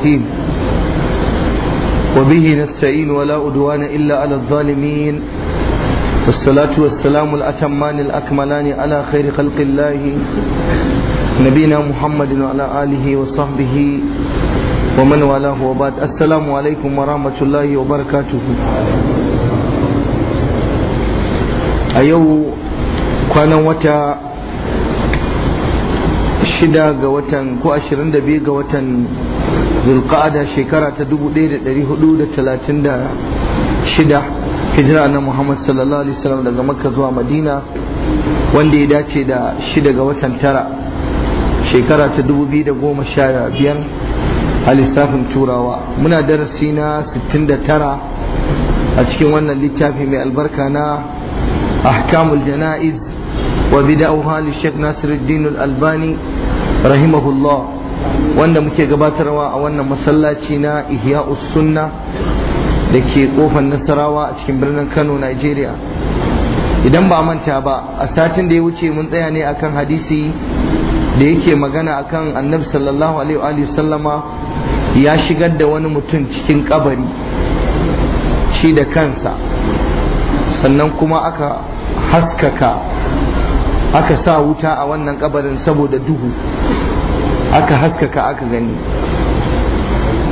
الرحيم وبه نستعين ولا أدوان إلا على الظالمين والصلاة والسلام الأتمان الأكملان على خير خلق الله نبينا محمد وعلى آله وصحبه ومن والاه وبعد السلام عليكم ورحمة الله وبركاته أيوه كان وتا shida ga watan ko ashirin da biyu ga watan zulqa'ada shekara ta 1436 hijira na Muhammad sallallahu alaihi wasallam daga Makka zuwa Madina wanda ya dace da shida ga watan tara shekara ta 2015 a lissafin turawa muna darasi na 69 a cikin wannan littafi mai albarka na ahkamul jana'iz wa bida'uha li Sheikh Nasiruddin Al-Albani rahimahullah wanda muke gabatarwa a wannan masallaci na Ihya sunna da ke kofar nasarawa a cikin birnin kano nigeria idan ba manta ba a satin da ya wuce mun tsaya ne akan hadisi da yake magana akan annabi sallallahu alaihi sallama ya shigar da wani mutum cikin kabari shi da kansa sannan kuma aka haskaka aka sa wuta a wannan kabarin saboda duhu aka haskaka aka gani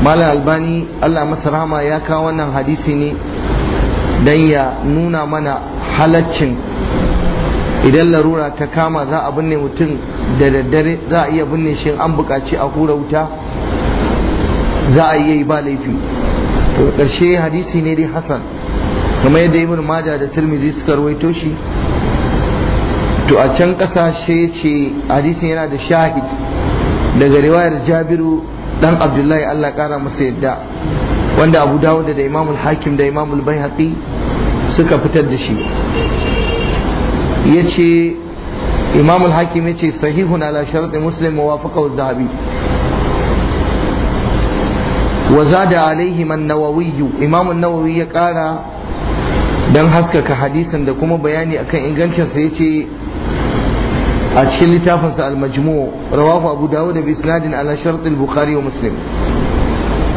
malam albani allah masa rahama ya kawo wannan hadisi ne don ya nuna mana halaccin idan larura ta kama za a binne mutum da daddare za a iya binne shi an buƙaci a hura wuta za a iya yi ba laifi to ƙarshe hadisi ne dai hasan kamar yadda ibn maja da turmizi suka rawaito shi to a can ƙasashe ce hadisi yana da shahid daga riwayar jabiru dan abdullahi allah kara masa yadda wanda abu dawud da imamul hakim da imamul baihaqi suka fitar da shi yace imamul hakim ya yace sahihun ala shart muslim wa zahabi wa zada alaihi man nawawi imamul nawawi ya kara dan haskaka hadisin da kuma bayani akan ingancinsa yace a cikin littafinsa al-majmu rawahu abu dawud bi isnadin ala shart al-bukhari wa muslim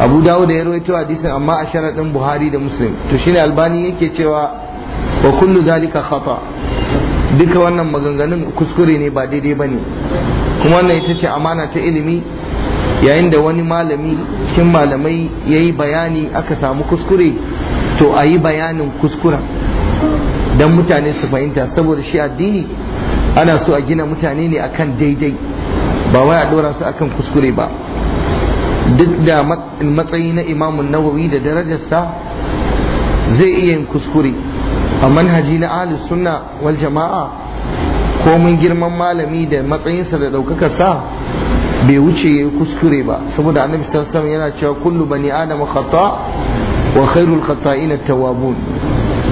abu dawud ya rawaito hadisin amma a sharadin buhari da muslim to shine albani yake cewa wa kullu zalika khata duka wannan maganganun kuskure ne ba daidai bane kuma wannan ita ce amana ta ilimi yayin da wani malami cikin malamai ya yi bayani aka samu kuskure to a yi bayanin kuskuren don mutane su fahimta saboda shi addini ana so a gina mutane ne akan daidai ba wai a dora su akan kuskure ba duk da matsayi na imamun nawawi da darajarsa zai iya yin kuskure a manhaji na ahli sunna wal jama'a ko mun girman malami da matsayinsa da sa bai wuce ya yi kuskure ba saboda annabi sallallahu yana cewa kullu bani adam khata wa khairul khata'ina tawwabun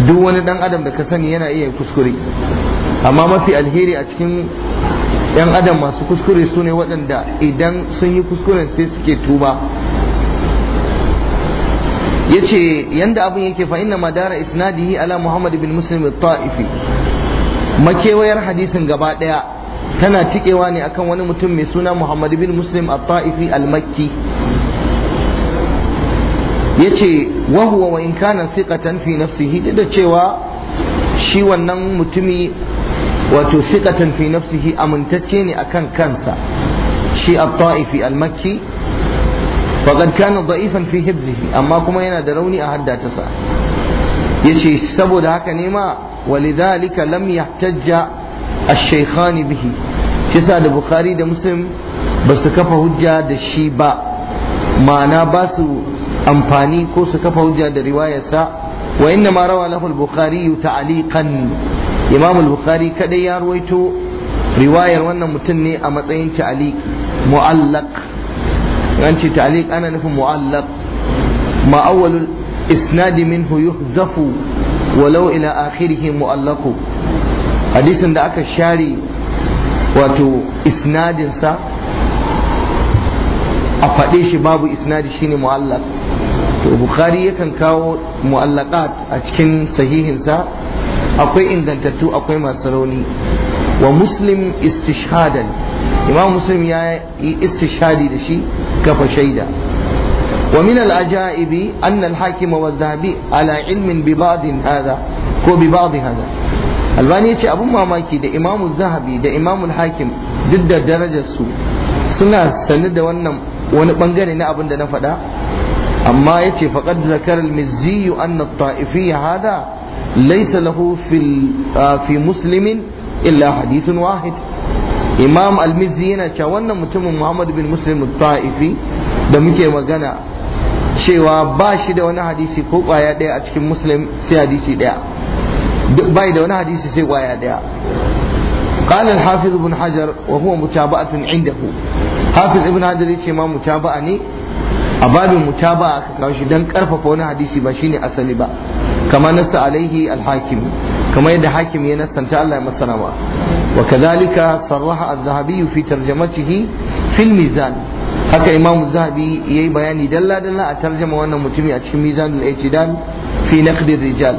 duk wani dan adam da ka sani yana iya kuskure amma mafi alheri a cikin yan adam masu kuskure su ne waɗanda idan sun yi kuskuren sai suke tuba yace yadda abin yake fa inna madara isnadihi ala muhammad bin muslim taifi makewayar hadisin gaba ɗaya tana tikewa ne akan wani mutum mai suna muhammad bin muslim a taifi al-makki yace wa huwa wa in kana thiqatan fi nafsihi da cewa shi wannan mutumi wato siqatan fi nafsihi amintacce ne akan kansa shi a taifi al-makki kana da'ifan fi hibzihi amma kuma yana da rauni a haddatasa yace saboda haka ne ma walidhalika lam yahtajja ash-shaykhan bihi kisa da bukhari da muslim ba su kafa hujja da shi ba ma'ana ba su amfani ko su kafa hujja da riwayarsa wa inna ma rawa lahu al-bukhari ta'liqan imam al-bukhari kadai ya ruwaito riwayar wannan mutum ne a matsayin ta'liq mu'allaq an ce ana nufin mu'allaq ma awwalul isnadi minhu yuhzafu walau ila akhirih mu'allaqu hadisin da aka share wato isnadinsa a faɗe shi babu isnadi shine mu'allaq to bukhari yakan kawo mu'allaqat a cikin sahihinsa akwai ingantattu akwai masu rauni wa muslim istishhadan imam muslim ya yi istishhadi da shi kafa shaida wa min al-ajaibi anna al-hakim wa dhahabi ala ilmin bi ba'd hadha ko bi ba'd hadha albani yace abun mamaki da imamu zahabi da imamu al-hakim duk da darajar su suna sanu da wannan wani bangare na abin da na faɗa amma yace faqad zakara al-mizzi anna at-ta'ifiyya hadha laisa له في في illa الا wahid imam امام yana cewa wannan mutumin muhammad bin muslim ta'ifi da muke magana cewa ba shi da wani hadisi ko kwaya daya a cikin muslim sai hadisi daya bai da wani hadisi sai kwaya daya قال الحافظ ابن حجر وهو متابعة عنده حافظ ابن حجر a ما متابعة ني أباب المتابعة كاوشي دان كرفة فونا حديثي باشيني asali ba. kama nassa alaihi al-hakim kama yadda hakim ya nasanta Allah ya masa wa kadhalika sarraha a zahabi fi tarjama ciki al-mizan haka imam zahabi yayi bayani dalla dalla a tarjama wannan mutumi a cikin mizanul i'tidal fi naqd ar-rijal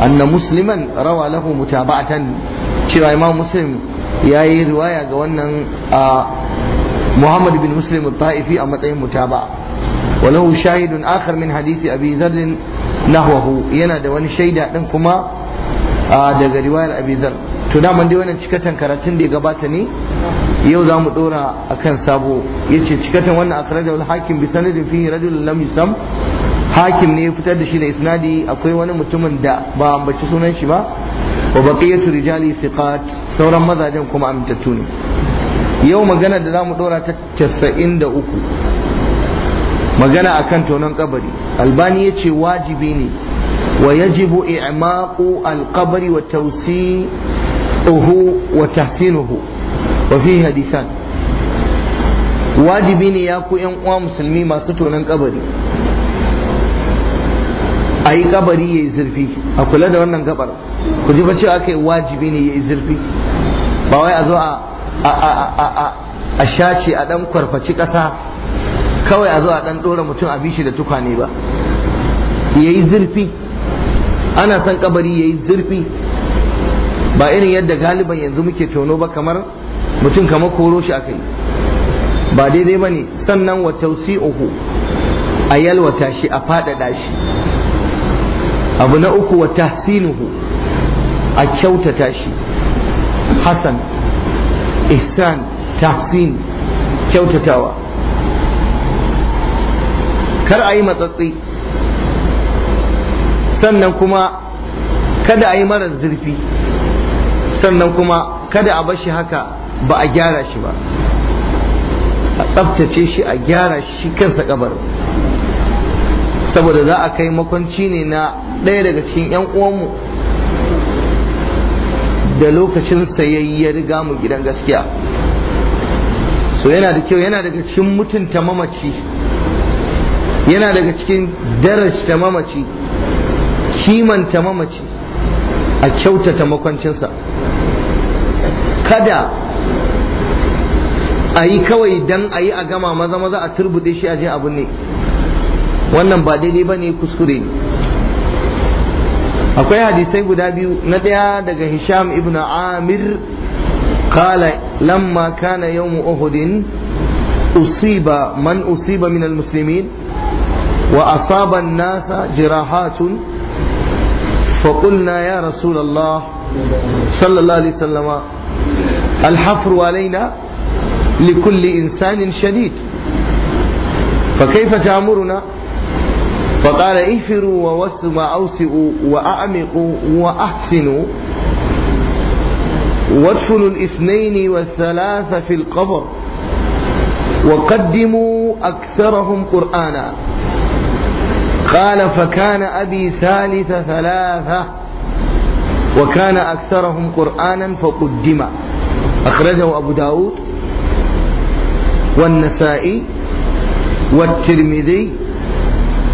anna musliman rawa mutaba'atan cewa imam muslim yayi riwaya ga wannan muhammad محمد بن مسلم الطائفي أما متابعة وله شاهد آخر من hadisi a ذر nahwahu yana da wani shaida din kuma a daga riwayar abizar. to da dai wannan cikatan karatun da ya gabata ne yau za mu dora akan sabo yace cikatan wannan akhrajahu al-hakim bi sanadin fihi rajul lam yusam hakim ne ya fitar da shi da isnadi akwai wani mutumin da ba ambaci sunan shi ba wa baqiyatu rijali thiqat sauran mazajen kuma amintattu ne yau magana da za mu dora ta 93 magana akan tonon kabari albani ya ce wajibi ne wa yajibu i'maqu alqabri wa tawsi'uhu wa tahsinuhu wa fi hadithan wajibi ne ya ku yan uwa musulmi masu tonon kabari ayi kabari ya yi zurfi a kula da wannan gabar ku ji ba ce aka yi wajibi ne ya yi zurfi ba wai a zo a shace a dan kwarfaci kasa kawai a zo a ɗan ɗora mutum a bishi da tukwane ba ya yi zurfi ana son kabari ya yi zurfi ba irin yadda galiban yanzu muke tono ba kamar mutum kamar koro shi aka yi ba daidai ba ne sannan wa tausi'uhu a yalwata shi a faɗaɗa shi abu na uku wa tahsinuhu a kyautata shi Hassan, ihsan tahsin kyautatawa kar a yi matsatsi sannan kuma kada a yi marar zurfi sannan kuma kada a bashi haka ba a gyara shi ba a tsabtace shi a gyara shi kansa kabar saboda za a kai makwanci ne na ɗaya daga cikin 'yan uwanmu da lokacin sayayya riga mu gidan gaskiya so yana da kyau yana daga cikin mutunta mamaci yana daga cikin ta mamaci kimanta mamaci a kyautata makwancinsa kada a yi kawai don a yi a gama maza maza a turbuɗe shi a je abu ne wannan ba daidai ba ne kuskure akwai hadisai guda biyu na ɗaya daga hisham ibn amir kala Lamma, yau yawmu يوم Usiba, man Usiba min al المسلمين وأصاب الناس جراحات فقلنا يا رسول الله صلى الله عليه وسلم الحفر علينا لكل إنسان شديد فكيف تأمرنا فقال افروا ووسوا وأوسئوا وأعمقوا وأحسنوا وادفنوا الاثنين والثلاث في القبر وقدموا أكثرهم قرآنا قال فكان أبي ثالث ثلاثة وكان أكثرهم قرآنا فقدم أخرجه أبو داود والنسائي والترمذي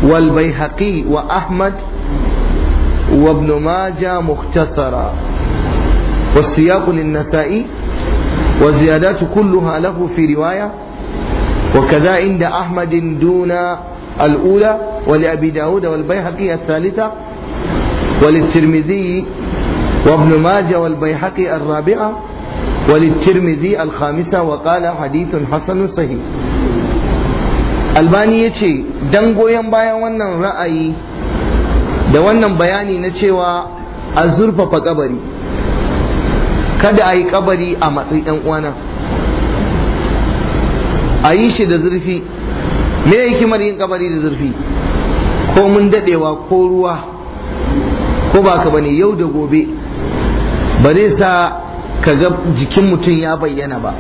والبيهقي وأحمد وابن ماجه مختصرا والسياق للنسائي وزيادات كلها له في رواية وكذا عند أحمد دون الأولى ولأبي داود والبيهقي الثالثة وللترمذي وابن ماجه والبيهقي الرابعة وللترمذي الخامسة وقال حديث حسن صحيح albani ya ce don goyon bayan wannan ra'ayi da wannan bayani na cewa a zurfafa kabari kada a yi ƙabari a matsayin uwana a yi shi da zurfi me hikimar yin kabari da zurfi ko mun dadewa ko ruwa ko ba ka bane yau da gobe ba zai sa ka ga jikin mutum ya bayyana ba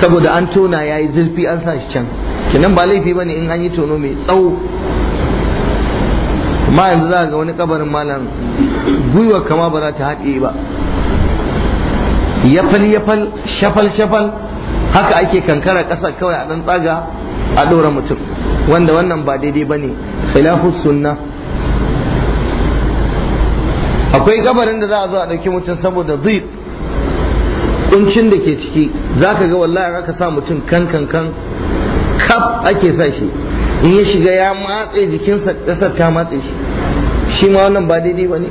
saboda an tona ya yi zurfi an sa shi can kenan ba laifi ba ne in an yi tono mai tsawo amma yanzu za ga wani kabarin malam gwiwa kama ba za ta haɗe ba yafal yafal shafal shafal haka ake kankara kasa kawai a ɗan tsaga a ɗora mutum wanda wannan ba daidai ba ne khilafu sunna akwai kabarin da za a zo a ɗauki mutum saboda zai kuncin da ke ciki za ka ga wallahi aka sa mutum kan kan kan kaf ake sa shi in ya shiga ya matse jikinsa ƙasar ta matse shi shi ma wannan ba daidai ba ne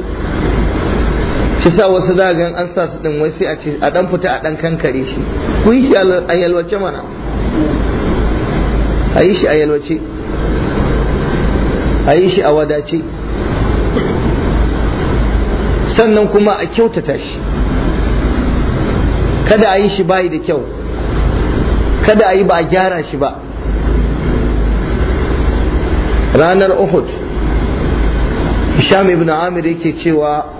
shi sa wasu zagan an sa su din wai sai a ce a dan fita a dan kankare shi ku yi shi a yalwace mana a yi shi a yalwace a yi shi a wadace sannan kuma a kyautata shi kada a yi shi bayi da kyau kada a yi ba a gyara shi ba ranar uhud hisham ibn amir yake cewa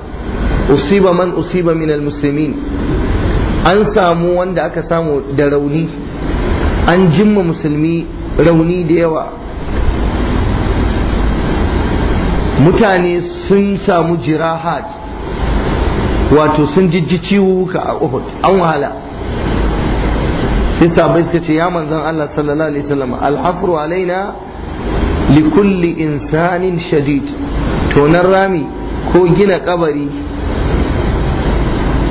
usiba man usiba min muslimin an samu wanda aka samu da rauni an jimma musulmi rauni da yawa mutane sun samu jirahat wato sun jijji ciwuka a uhud an wahala sai sabai suka ce ya manzan Allah sallallahu alaihi wasallam alhafru alaina li kulli insanin shadid nan rami ko gina kabari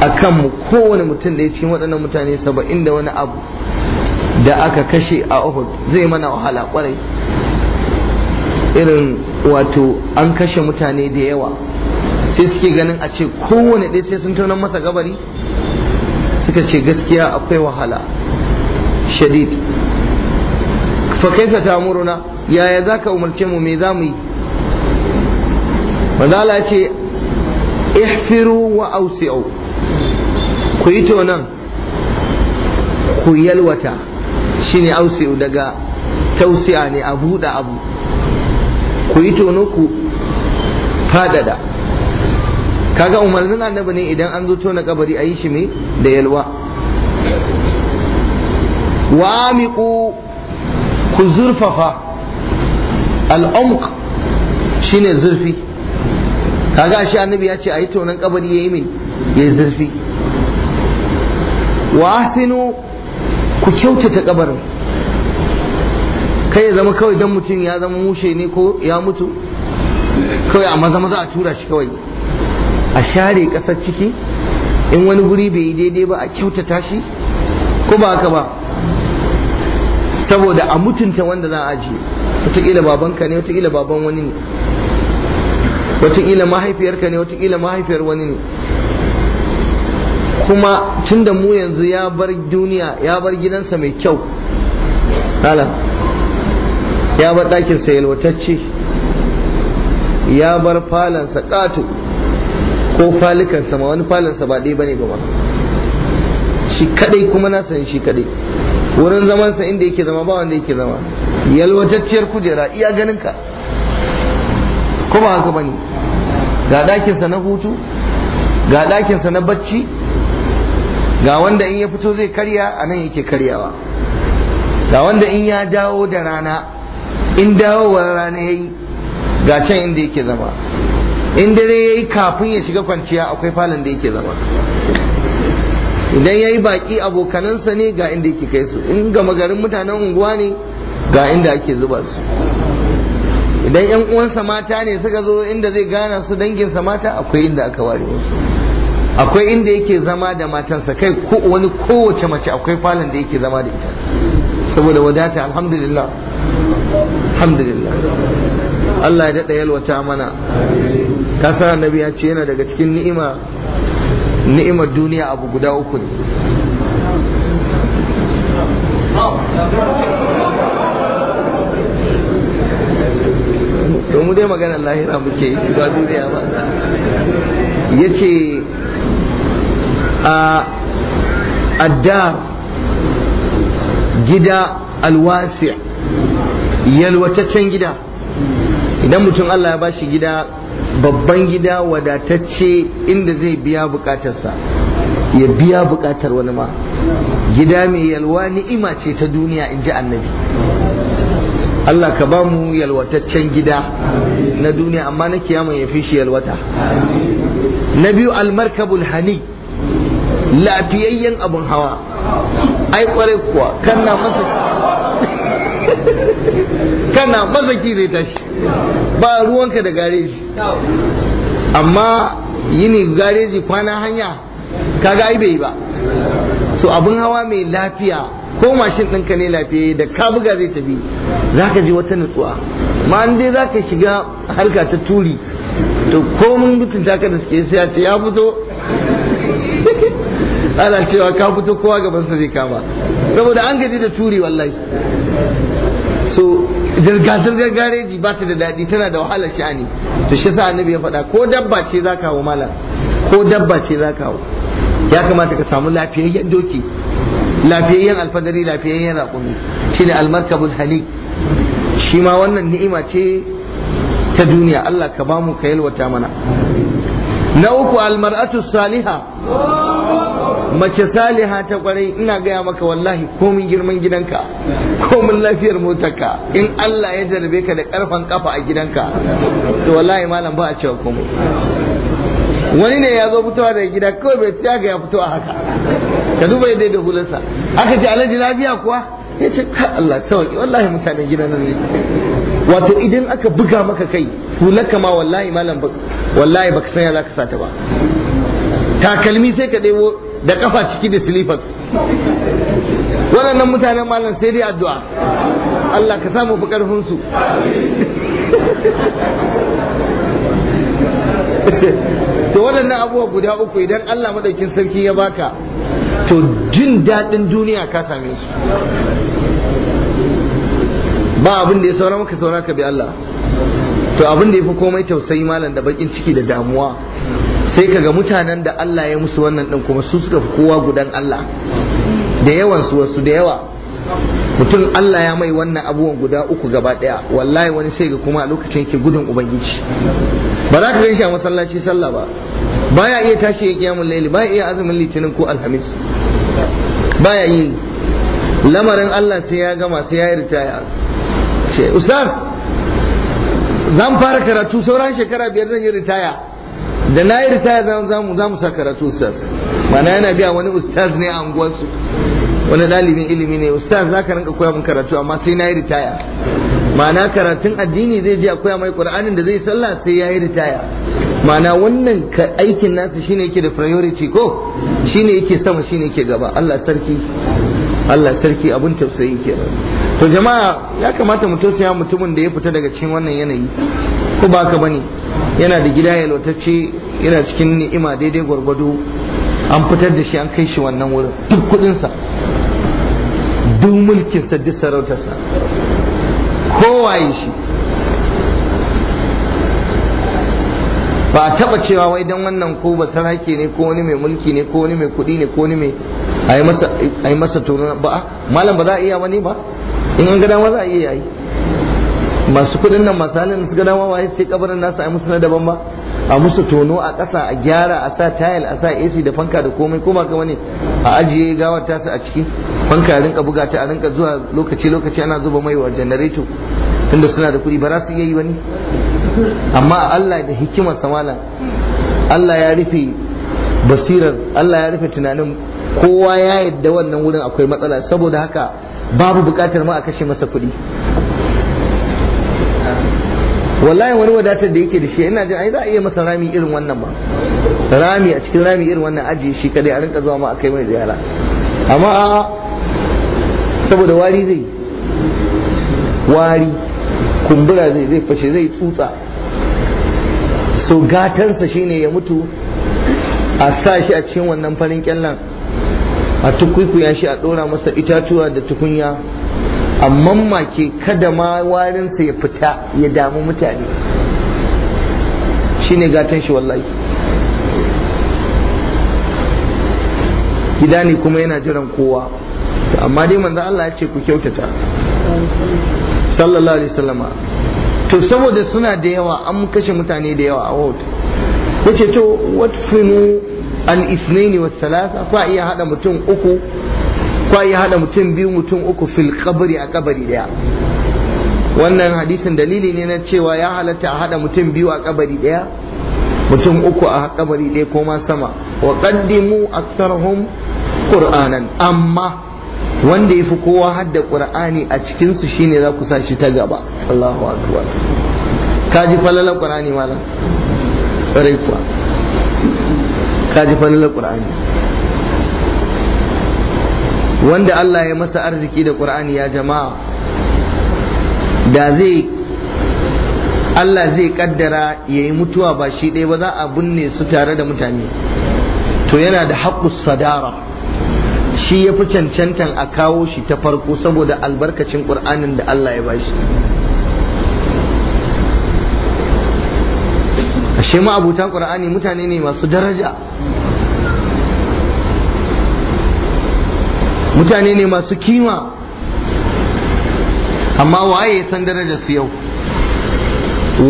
a mu kowane mutum da ya cikin waɗannan mutane saba'in da wani abu da aka kashe a Uhud zai mana wahala kwarai irin wato an kashe mutane da yawa sai suke ganin a ce kowane ɗaya sai sun taunan masa gabari suka ce gaskiya akwai wahala shadid fa kaifa ta'muruna yaya zaka umarce mu me mu yi manzo ya ce ihfiru wa ausi'u ku yi tonon ku yalwata shine ausi'u daga tausi'a ne a buɗe abu ku yi tono ku fadada kaga umarnin annabi ne idan an zo tona kabari a yi shi ne da yalwa wa amiku ku zurfafa shi shine zurfi kaga shi annabi ya ce a yi tonan kabari ya yayi mai yayi zurfi wa ahsinu ku kyautata kabarin kai ya zama kawai dan mutum ya zama mushe ne ko ya mutu kawai a maza maza a tura shi kawai a share kasar ciki in wani guri bai yi daidai ba a kyautata shi ko ba haka ba saboda a mutunta wanda za a ajiye wataƙila babanka ne wataƙila baban wani ne wataƙila mahaifiyarka ne watakila mahaifiyar wani ne kuma tun da mu yanzu ya bar duniya ya bar gidansa mai kyau hala ya bar ɗakinsa yalwatacce ya bar falansa ƙato ko falikansa ma wani falansa ba ɗaya bane ba shi kadai kuma na san shi kadai wurin zamansa inda yake zama ba wanda yake zama yalwatacciyar kujera iya ganinka kuma haka bane ga ɗakinsa na hutu ga ɗakinsa na bacci ga wanda in ya fito zai karya a nan yake karyawa ga wanda in ya dawo da rana in dawowar rana ya yi ga can inda yake zama in dare ya yi kafin ya shiga kwanciya akwai falon da yake zama idan ya yi baƙi abokanansa ne ga inda yake kai su in gama garin mutanen unguwa ne ga inda ake zuba su idan yan uwansa mata ne suka zo inda zai gana su danginsa mata akwai inda aka ware musu akwai inda yake zama da matansa kai ko wani kowace mace akwai falon da yake zama da ita saboda wadata alhamdulillah alhamdulillah Allah ya daɗa yalwata mana ka sa annabi ya ce yana daga cikin ni'ima ni'imar duniya abu guda uku ne dai maganar lahira muke yi ba duniya ba ya ce a addar gida alwasi yalwataccen gida idan mutum Allah ya bashi gida babban gida wadatacce inda zai biya bukatarsa ya biya bukatar wani ma gida mai yalwa ni'ima ce ta duniya in ji annabi Allah ka ba mu yalwataccen gida na duniya amma na kiyama ya fi shi yalwata na biyu almarkabul hani lafiyayyen abun hawa ai kwarai kuwa na masa kana masa kire ta shi ba ruwanka da gareji amma yini gareji kwana hanya kaga ai bai ba so abun hawa mai lafiya ko mashin ɗinka ne lafiya da ka buga zai tafi za ka ji wata nutsuwa ma an dai za ka shiga harka ta turi to ko mun mutunta ka da suke sai a ce ya fito ana cewa ka fito kowa gaban sa zai kama saboda an gaji da turi wallahi so zirga-zirgar gareji ba ta da daɗi tana da wahalar sha'ani to shi sa annabi ya faɗa ko dabba ce za ka hau malam ko dabba ce za ka hau ya kamata ka samu lafiyayyen doki lafiyayyen alfadari lafiyayyen raƙumi shine almarkabul halik shi ma wannan ni'ima ce ta duniya Allah ka bamu ka yalwata mana na uku almar'atu saliha mace saliha ta kwarai ina gaya maka wallahi komin girman gidanka komin lafiyar motarka in Allah ya jarbe ka da karfan kafa a gidanka to wallahi malam ba a cewa komai wani ne ya zo fitowa daga gida kawai bai tsaya ga ya fito a haka ka duba yadda da hulunsa aka ce alhaji lafiya kuwa ya ce ka Allah sauki wallahi mutanen gidan nan ne wato idan aka buga maka kai hulaka ma wallahi malam wallahi baka san ya zaka sata ba takalmi sai ka ɗebo da kafa ciki da silifas waɗannan mutanen malam sai dai addu'a Allah ka samu fi ƙarfin su to waɗannan abubuwa guda uku idan Allah madaukin sarki ya baka to jin daɗin duniya ka same su ba abin ya saura maka saura ka bi Allah to abin da ya fi komai tausayi malam da bakin ciki da damuwa sai ka ga mutanen da Allah ya musu wannan ɗin kuma su suka fi kowa gudan Allah da yawan su wasu da yawa mutum Allah ya mai wannan abubuwan guda uku gaba ɗaya wallahi wani sai ga kuma a lokacin yake gudun ubangiji ba za ka gan shi a masallaci sallah ba baya iya tashi ya kiyamun laili baya iya azumin litinin ko alhamis baya yi lamarin Allah sai ya gama sai ya yi ritaya ce ustaz zan fara karatu sauran shekara biyar zan yi ritaya da na yi ritaya za mu sa karatu ustaz mana yana biya wani ustaz ne a unguwarsu wani dalibin ilimi ne ustaz za ka rinka koya min karatu amma sai na yi ritaya ma'ana karatun addini zai je a koya mai qur'anin da zai sallah sai yayi ritaya ma'ana wannan aikin nasa shine yake da priority ko shine yake sama shine yake gaba Allah sarki Allah sarki abun tausayi ke to jama'a ya kamata mu tausaya mutumin da ya fita daga cikin wannan yanayi ko baka bane yana da gida ya yalwatacce yana cikin ni'ima daidai gwargwado an fitar da shi an kai shi wannan wurin duk kudinsa duk mulkinsa duk sarautarsa kowaye shi ba a taba cewa wai dan wannan ko ba sarake ne ko wani mai mulki ne ko wani mai kudi ne ko wani mai a yi masa turu ba malam ba za a iya wani ba in an gada ma za a iya yi masu kudin nan masu halin su gada ma waye sai kabarin nasu a yi musu na daban ba a musu tono a ƙasa a gyara a sa tayil a sa AC da fanka da komai ko ba ga wani a ajiye gawar tasu a ciki fanka a rinka buga ta a rinka zuwa lokaci lokaci ana zuba mai wa janareto tunda suna da kuɗi ba za su iya yi wani amma Allah da hikimar samala Allah ya rufe basirar Allah ya rufe tunanin kowa ya yadda wannan wurin akwai matsala saboda haka babu buƙatar ma a kashe masa kuɗi wallahi wani wadatar da yake da shi ina jin ai za a iya masa rami irin wannan ba rami a cikin rami irin wannan ajiye shi kadai a rinka zuwa ma a kai mai ziyara amma a saboda wari zai wari kumbura zai zai fashe zai tsutsa so gatansa shine ya mutu a sa shi a cikin wannan farin kyallan a ya shi a dora masa itatuwa da tukunya amma make kada ma warinsa ya fita ya damu mutane shine gatan shi wallahi gida ne kuma yana jiran kowa amma dai manzo Allah ya ce ku kyautata sallallahu alaihi wasallama to saboda suna da yawa an kashe mutane da yawa a wata yace to finu al-ithnain wa thalatha fa iya hada mutum uku kwa ya hada mutum biyu mutum uku fil kabari a kabari daya wannan hadisin dalili ne na cewa ya halatta a hada mutum biyu a kabari daya mutum uku a kabari daya ko ma sama wa qaddimu aktharhum qur'anan amma wanda yafi kowa hadda qur'ani a cikin su shine za ku sa shi ta gaba Allahu akbar kaji falalar qur'ani malam kuwa kaji falalar qur'ani wanda Allah ya masa arziki da Qur'ani ya jama'a da zai Allah zai kaddara ya yi mutuwa ba shi ɗaya ba za a binne su tare da mutane to yana da haƙƙus sadara shi ya fi cancantan a kawo shi ta farko saboda albarkacin ƙur'anin da Allah ya bashi ashe ma abutan ƙur'ani mutane ne masu daraja mutane ne masu kima amma waye san darajar su yau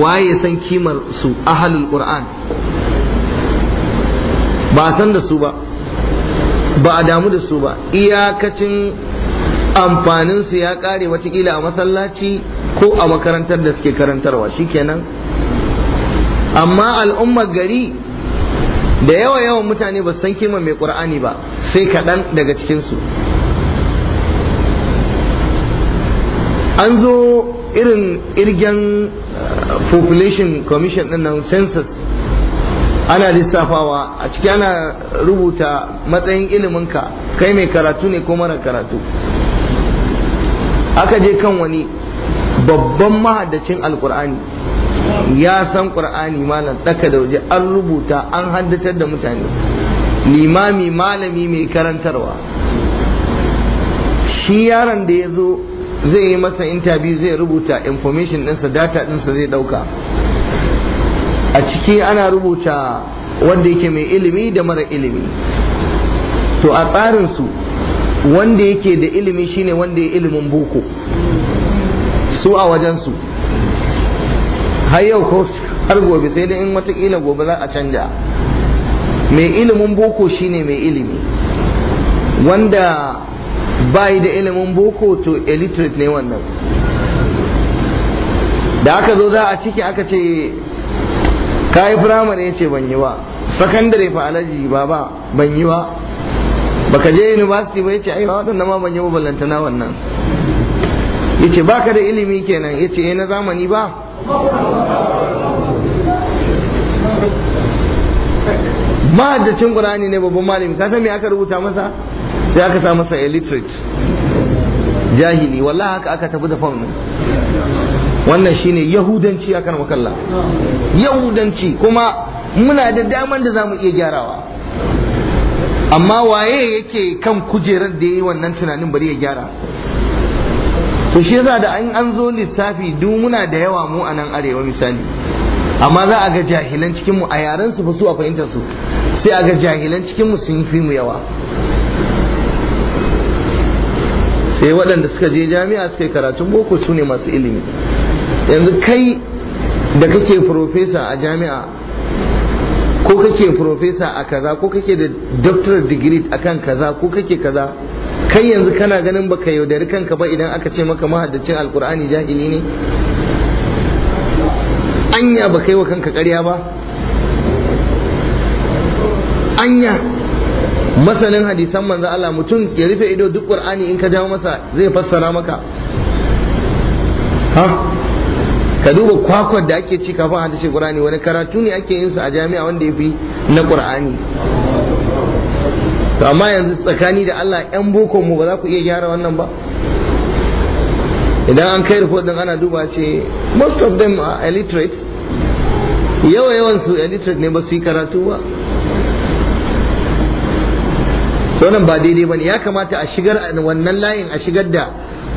waye san kimar su ahalul qur'an ba san da su ba ba a damu da su ba iyakacin amfanin su ya kare watakila a masallaci ko a makarantar da suke karantarwa shikenan amma al'ummar gari da yawa yawan mutane ba san kima mai qur'ani ba sai kaɗan daga cikinsu an zo irin irgen uh, population commission din nan census ana lissafawa a ciki ana rubuta matsayin iliminka kai mai karatu ne ko mara karatu aka je kan wani babban mahaddacin alkur'ani ya san Ƙur'ani malam ɗaka da waje an rubuta an haddatar da mutane limami malami mai karantarwa shi yaron da ya zo zai yi masa intabi zai rubuta information ɗinsa data ɗinsa zai ɗauka a ciki ana rubuta wanda yake mai ilimi da mara ilimi to a tsarinsu wanda yake da ilimi shine wanda ya ilimin boko su a wajensu har yau ko har gobe sai da in watakila gobe za a canja mai ilimin boko shine mai ilimi wanda bayi da ilimin boko to illiterate ne wannan da aka zo za a ciki aka ce ka yi firamare ya ce ban yi ba sakandare fa alaji ba ba ban yi ba baka je university ba ya ce aiwa waɗanda ma ban yi ba ballantana wannan ya ce baka da ilimi kenan ya ce eh, na zamani ba mahaddacin ƙurani ne babban malami ka san me aka rubuta masa sai aka sa masa illiterate jahili wallahi haka aka tafi da fam wannan shine yahudanci akan wakalla yahudanci kuma muna da daman da zamu iya gyarawa amma waye yake kan kujerar da yayi wannan tunanin bari ya gyara to shi yasa da an zo lissafi duk muna da yawa mu a nan arewa misali amma za a ga jahilan cikinmu a yaren su fa su a fahimtar su sai a ga jahilan cikinmu sun fi mu yawa sai waɗanda suka je jami'a suka yi karatun boko su ne masu ilimi yanzu kai da kake profesa a jami'a ko kake profesa a kaza ko kake da doctorate degree akan kaza ko kake kaza kai yanzu kana ganin baka yaudari kanka ba idan aka ce maka mahaddacin alkur'ani jahili ne anya baka yi wa kanka karya ba anya masanin hadisan manzo Allah mutum ya rufe ido duk qur'ani in ka jawo masa zai fassara maka ha ka duba kwakwar da ake ci kafin a tashi qur'ani wani karatu ne ake yin sa a jami'a wanda ya fi na qur'ani to amma yanzu tsakani da Allah yan boko mu ba za ku iya gyara wannan ba idan an kai report din ana duba ce most of them are illiterate yawa yawan su illiterate ne ba su yi karatu ba wannan ba daidai ne ya kamata a shigar wannan layin a shigar da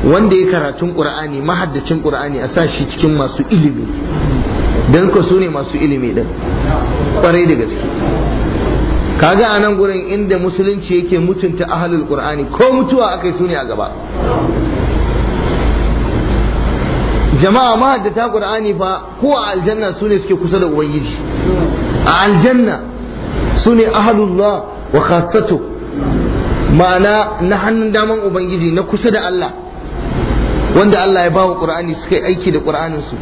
wanda ya karatun qur'ani mahaddacin qur'ani a sa shi cikin masu ilimi don ko su ne masu ilimi din ƙwarai da gaske kaga a nan gurin inda musulunci yake mutunta ahalul qur'ani ko mutuwa yi su ne a gaba jama'a mahaddata qur'ani fa ko a aljanna su ne suke kusa da ubangiji a aljanna su ne ahlullah wa khassatuh ma'ana na hannun daman ubangiji na kusa da Allah wanda Allah ya ba wa ƙur'ani suka yi aiki da su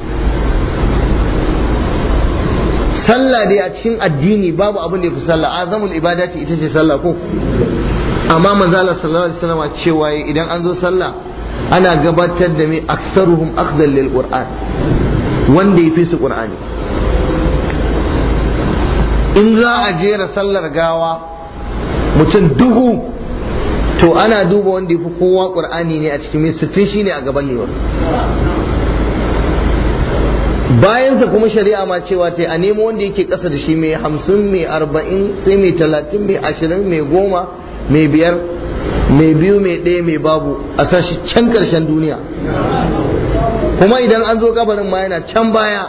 sallah dai a cikin addini babu abin da ya fi sallah azamul ibadati ita ce sallah ko amma manzala sallallahu alaihi wasallam cewa idan an zo salla ana gabatar da mai aksaruhum akhdhal lil qur'an wanda yafi su qur'ani in za a jera sallar gawa mutum duhu to ana duba wanda ya fi kowa qur'ani ne a cikin mai sittin ne a gaban ne bayansa kuma shari'a ma cewa ce a nemo wanda yake kasa da shi mai hamsin mai arba'in sai mai talatin mai ashirin mai goma mai biyar mai biyu mai ɗaya mai babu a sashi can ƙarshen duniya kuma idan an zo kabarin ma yana can baya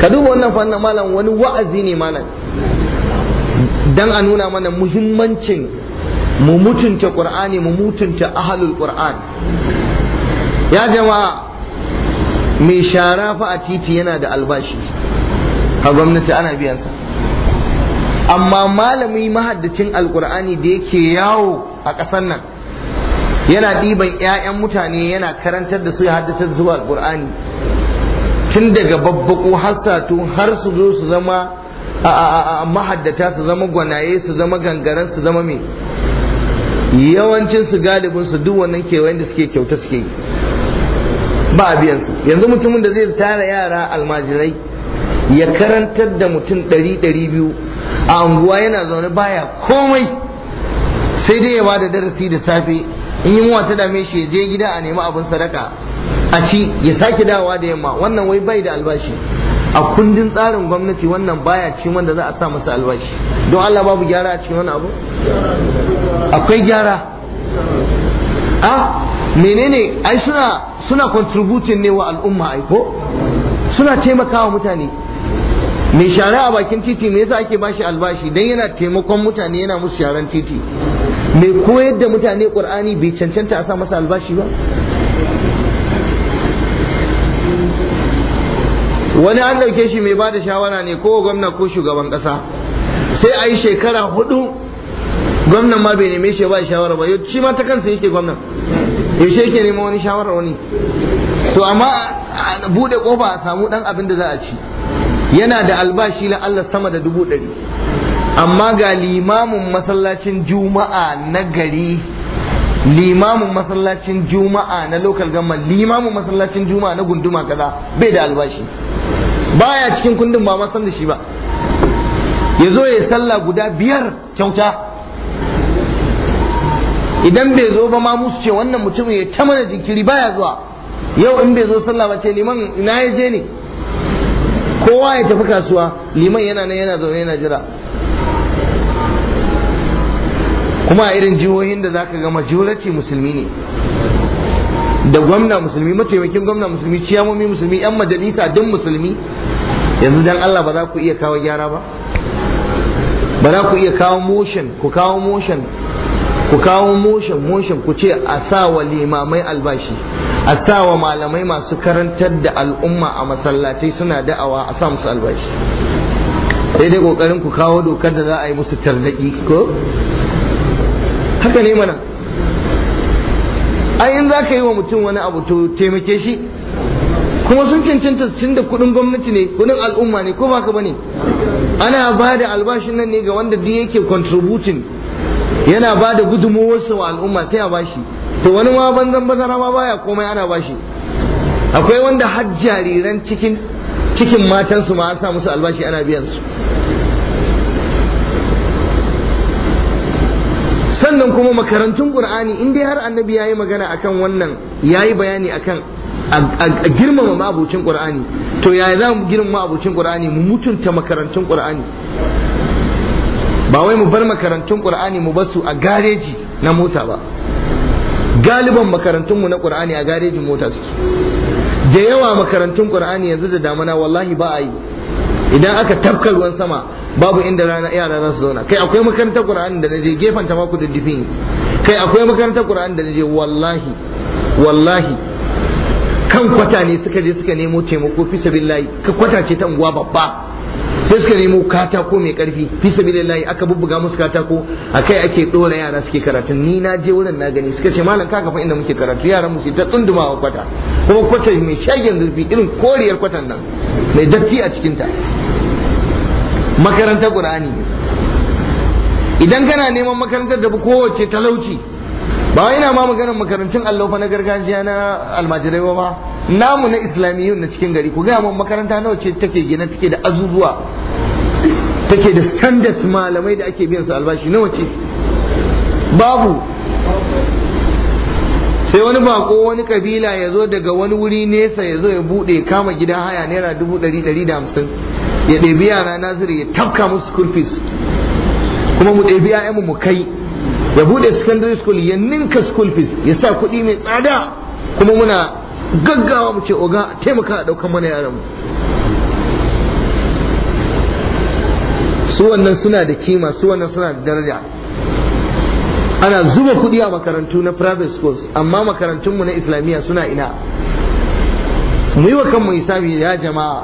ka duba wannan fannin malam wani wa'azi ne malam dan a nuna mana muhimmancin mu mutunta qur'ani mu mutunta ahlul qur'an ya jama'a mai sharafa a titi yana da albashi a gwamnati ana biyansa amma malami mahaddacin alkur'ani da yake yawo a ƙasar nan yana ɗiban 'ya'yan mutane yana karantar da su ya haddace zuwa alkur'ani tun daga babbaƙo har satu har su zo su zama a mahaddata su zama gwanaye su zama gangaren su zama mai yawancin su galibin su duk wannan kewayen da suke kyauta suke ba biyan su yanzu mutumin da zai tara yara almajirai ya karantar da mutum ɗari ɗari biyu a unguwa yana zaune baya komai sai dai ya ba da darasi da safe in yunwa ta dame shi ya je gida a nemi abin sadaka a ci ya sake dawowa da yamma wannan wai bai da albashi a kundin tsarin gwamnati wannan baya ci wanda za a sa masa albashi don Allah babu gyara a cikin wani abu akwai gyara a menene ai suna suna contributing ne wa al'umma ai ko suna taimakawa mutane mai share a bakin titi me yasa ake bashi albashi dan yana taimakon mutane yana musu sharan titi mai koyar da mutane qur'ani bai cancanta a sa masa albashi ba wani an dauke shi mai bada shawara ne ko gwamna ko shugaban kasa sai a yi shekara hudu gwamnan ma bai neme shi ba shawara ba shi ma ta kansa yake gwamnan yaushe yake neman wani shawara wani to amma a buɗe kofa a samu ɗan abin da za a ci yana da albashi la Allah sama da dubu ɗari amma ga limamin masallacin juma'a na gari limamin masallacin juma'a na local government limamin masallacin juma'a na gunduma kaza bai da albashi baya cikin kundin ba ma san da shi ba ya zo ya sallah guda biyar kyauta idan bai zo ba ma musu ce wannan mutumin ya ta mana jinkiri baya zuwa yau in bai zo sallah ba ce liman ina ya je ne kowa ya tafi kasuwa liman yana nan yana zaune yana jira kuma a irin jihohin da zaka gama majority musulmi ne da gwamna musulmi mataimakin gwamna musulmi ciyamomi musulmi yan majalisa duk musulmi yanzu dan Allah ba za ku iya kawo gyara ba ba za ku iya kawo motion ku kawo motion ku kawo motion motion ku ce a sa wa limamai albashi a sa wa malamai masu karantar da al'umma a masallatai suna da'awa a sa musu albashi sai dai kokarin ku kawo dokar da za a yi musu tarnaki ko haka ne mana ai in za ka yi wa mutum wani abu to taimake shi kuma sun cancanta tun da kudin gwamnati ne kudin al'umma ne ko ba ne? bane ana ba da albashin nan ne ga wanda duk yake contributing yana ba da gudunmuwarsa wa al'umma sai a bashi to wani ma banzan bazara ma baya komai ana bashi akwai wanda har jariran cikin cikin matansu ma an sa musu albashi ana biyan su sannan kuma makarantun qur'ani in dai har annabi yayi magana akan wannan yayi bayani akan a girmama ma'abucin qur'ani to yaya za mu girmama ma'abucin qur'ani mu mutunta makarantun qur'ani ba wai mu bar makarantun qur'ani mu basu a gareji na mota ba galiban makarantunmu na qur'ani a garejin mota suke da yawa makarantun qur'ani yanzu da damana wallahi ba a yi idan aka tafka ruwan sama babu inda rana yara za su zauna kai akwai makarantar qur'ani da naje gefen ta maku duddufi ne kai akwai makarantar qur'ani da naje wallahi wallahi kan kwata ne suka je suka nemo taimako fi sabilillahi ka kwata ce ta unguwa babba sai suka nemo katako mai karfi fi sabilillahi aka bubbuga musu katako akai ake dora yara suke karatu ni na je wurin na gani suka ce malam kaka fa inda muke karatu yaran mu su ta wa kwata kuma kwata mai shagen zurfi irin koriyar kwatan nan mai datti a cikin ta makarantar qur'ani idan kana neman makarantar da kowace talauci ba ina ma maganar makarantun allo na gargajiya na almajirai ba namu na islamiyyun na cikin gari ku gaya mun makaranta nawa ce take gina take da azubuwa take da standard malamai da ake biyan su albashi nawa ce babu sai wani bako wani kabila ya zo daga wani wuri nesa ya zo ya bude kama gidan haya naira dubu ɗari ɗari da hamsin ya ɗebi yara naziri ya tafka musu school fees kuma mu ɗebi mu kai ya bude secondary school ya ninka school fees ya sa kuɗi mai tsada kuma muna gaggawa mu ce oga taimaka a ɗaukan mana yaran mu su wannan suna da kima su wannan suna da daraja ana zuba kuɗi a makarantu na private schools amma makarantunmu na islamiyya suna ina mu yi wa kanmu hisabi ya jama'a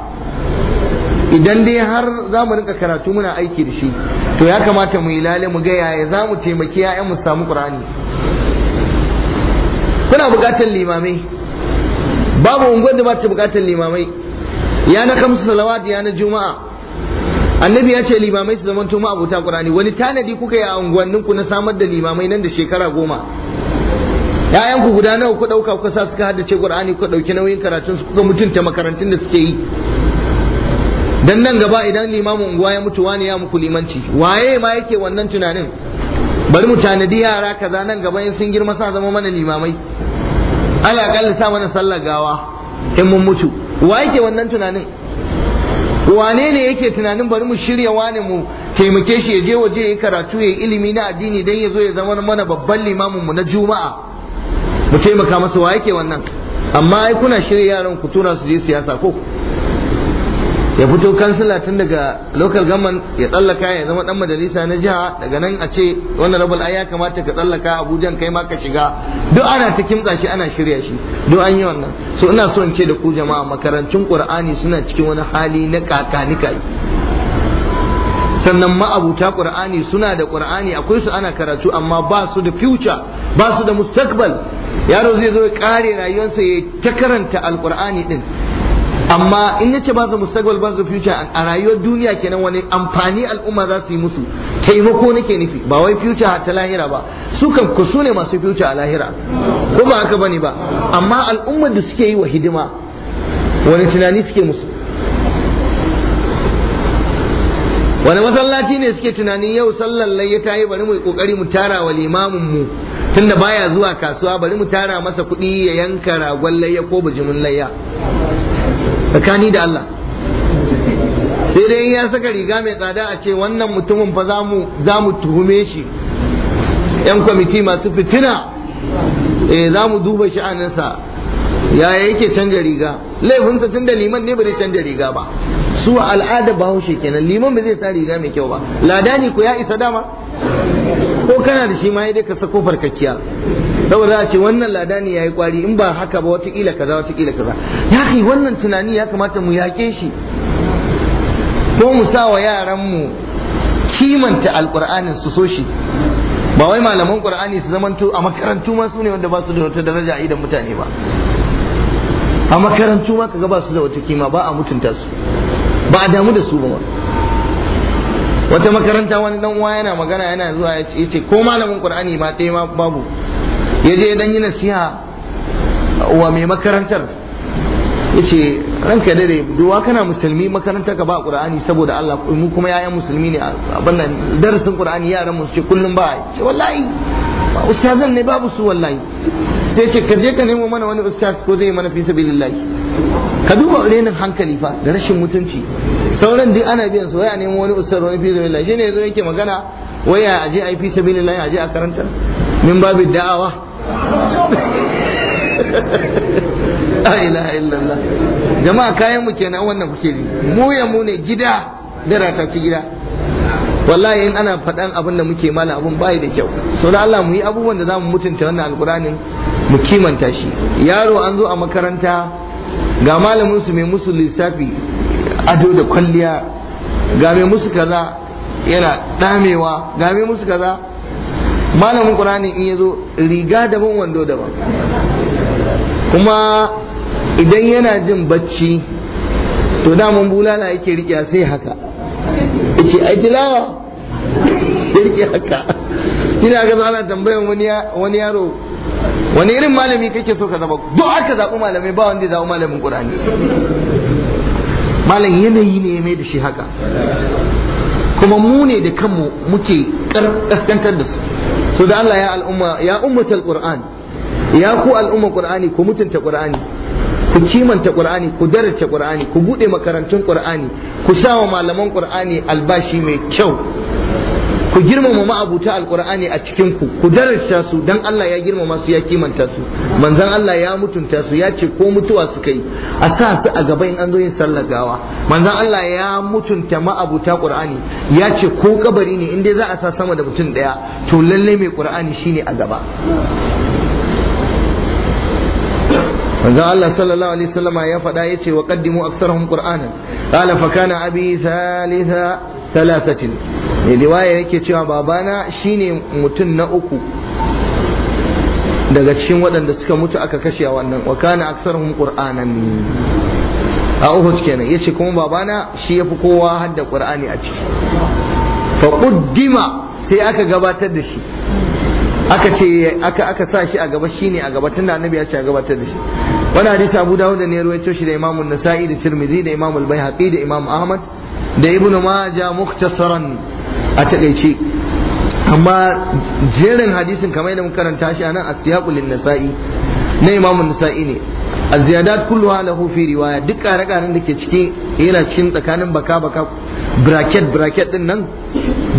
idan dai har za mu rinka karatu muna aiki da shi to ya kamata mu yi mu ga yaya za mu taimaki 'ya'yan mu samu ƙur'ani kuna buƙatar limamai babu unguwar da ba ta bukatar limamai ya na kamsu salawat ya na juma'a annabi ya ce limamai su zama tuma abuta qur'ani wani tanadi kuka yi a unguwanninku na samar da limamai nan da shekara goma Ya'yanku guda nawa ku ɗauka kuka sa suka haddace qur'ani kuka dauki nauyin karatun su kuka mutunta makarantun da suke yi dan nan gaba idan limamin unguwa ya mutu wani ya muku limanci waye ma yake wannan tunanin bari mu tanadi yara kaza nan gaba in sun girma sa zama mana limamai Allah ya sa mana sallar gawa in mun mutu wa yake wannan tunanin wane ne yake tunanin bari mu shirya wane mu taimake shi ya je waje ya karatu ya ilimi na addini dan ya zo ya zama mana babban limamin mu na juma'a mu taimaka masa wa yake wannan amma ai kuna shirya yaran ku tura su je siyasa ko ya fito kansila tun daga local government ya tsallaka ya zama dan majalisa na jiha daga nan a ce wannan rabul ai ya kamata ka tsallaka abuja kai ma ka shiga duk ana ta kimtsa shi ana shirya shi duk an yi wannan so ina so in ce da ku jama'a makarantun qur'ani suna cikin wani hali na kakanika sannan ma'abuta qur'ani suna da qur'ani akwai su ana karatu amma ba su da future ba su da mustakbal yaro zai zo ya kare rayuwarsa ya ta karanta alqur'ani din amma in yace ba su mustaqbal ba su future a rayuwar duniya kenan wani amfani al'umma za su yi musu taimako nake nufi ba wai future ta lahira ba su kan ku su ne masu future a lahira ko ba haka bane ba amma al'umma da suke yi wa hidima wani tunani suke musu wani masallaci ne suke tunanin yau sallar layya ta yi bari mu kokari mu tara wa limamin mu tunda baya zuwa kasuwa bari mu tara masa kuɗi ya yanka ragon layya ko bijimin layya tsakani da Allah sai dai ya saka riga mai tsada a ce wannan mutumin fa za mu tuhume shi yan kwamiti masu fitina eh za mu duba sha'aninsa ya yake canja riga laifinsa tun da liman ne ba zai canja riga ba su al'ada bahaushe kenan liman ba zai sa riga mai kyau ba ladani ku ya isa dama ko kana da shi ma dai ka sako farkakkiya za a ce wannan lada ne yayi kwari in ba haka ba watakila kaza watakila kaza ya kai wannan tunani ya kamata mu yaƙe shi ko mu sa wa yaranmu kimanta alƙur'anin su so shi ba wai malaman ƙur'ani su zama a makarantu ma su ne wanda ba su da wata daraja a idan mutane ba a makarantu ma kaga ba su da wata kima ba a mutunta su ba a damu da su ba wata makaranta wani dan uwa yana magana yana zuwa ya ce ko malamin qur'ani ma ɗaya ma babu ya je dan yi nasiha wa mai makarantar ya ce ranka dare duwa kana musulmi makarantar ka ba qur'ani saboda Allah mu kuma yayan musulmi ne abin nan darasin qur'ani yaran mu ce kullum ba ce wallahi ustazan ne babu su wallahi sai ce ka je ka nemo mana wani ustaz ko zai mana fi sabilillahi ka duba renin hankali fa da rashin mutunci sauran duk ana biyan su waya neman wani ustaz wani fizo billahi shine yanzu yake magana waya aje ai fi sabilillah aje a karanta min babin da'awa la ilaha illallah jama'a kayan mu kenan wannan kuke ji mu ya mu ne gida da rata ci gida wallahi in ana faɗan abin da muke mala abin bai da kyau so da Allah mu yi abubuwan da zamu mutunta wannan alqur'anin mu kimanta shi yaro an zo a makaranta ga malamin su mai musu lissafi ado da kwalliya ga mai musu kaza yana damewa ga mai musu kaza malamin qur'ani in yazo riga daban wando daban kuma idan yana jin bacci to damun bulala yake rike sai haka yace aitilawa Sai rike haka ina ga ana tambayan wani yaro wani irin malami kake so ka zama duk aka zaɓi malami ba wanda ya zaɓi malamin ƙur'ani malam yanayi ne mai da shi haka kuma mu ne da kanmu muke ƙasƙantar da su so da Allah ya al'umma ya ummatal qur'an ya ku al'umma qur'ani ku mutunta qur'ani ku kimanta qur'ani ku darace qur'ani ku bude makarantun qur'ani ku sawa malaman qur'ani albashi mai kyau ku girmama ma'abuta alkur'ani a cikin ku ku daraja su dan Allah ya girmama su ya kimanta su manzon Allah ya mutunta su ya ce ko mutuwa suka yi a sa su a gaba in an zo yin sallar gawa manzon Allah ya mutunta ma'abuta qur'ani ya ce ko kabari ne inda za a sa sama da mutum daya to lalle mai qur'ani shine a gaba manzon Allah sallallahu alaihi wasallam ya faɗa yace wa qaddimu aksarahum qur'anan qala fa kana abi thalitha thalathatin mai eh, riwaya yake cewa babana shine mutum na uku daga cikin waɗanda suka mutu aka kashe a wannan wa kana aksarhum qur'anan a Uhud kenan yace kuma babana shi yafi kowa hadda qur'ani a ciki fa quddima sai aka gabatar da shi aka ce aka aka sa shi a gaba shine a gaba tunda annabi ya ce a gabatar da shi wani hadisi Abu Dawud da ne ruwaito shi da Imam An-Nasa'i da Tirmidhi da Imam Al-Baihaqi da Imam Ahmad da Ibn Majah muktasaran a takaice amma jerin hadisin kamar yadda muka karanta shi anan asyaqul siyaqul na imam nisa'i ne az-ziyadat kulluha lahu fi riwaya duk kare-karen da ke ciki yana cikin tsakanin baka baka bracket bracket din nan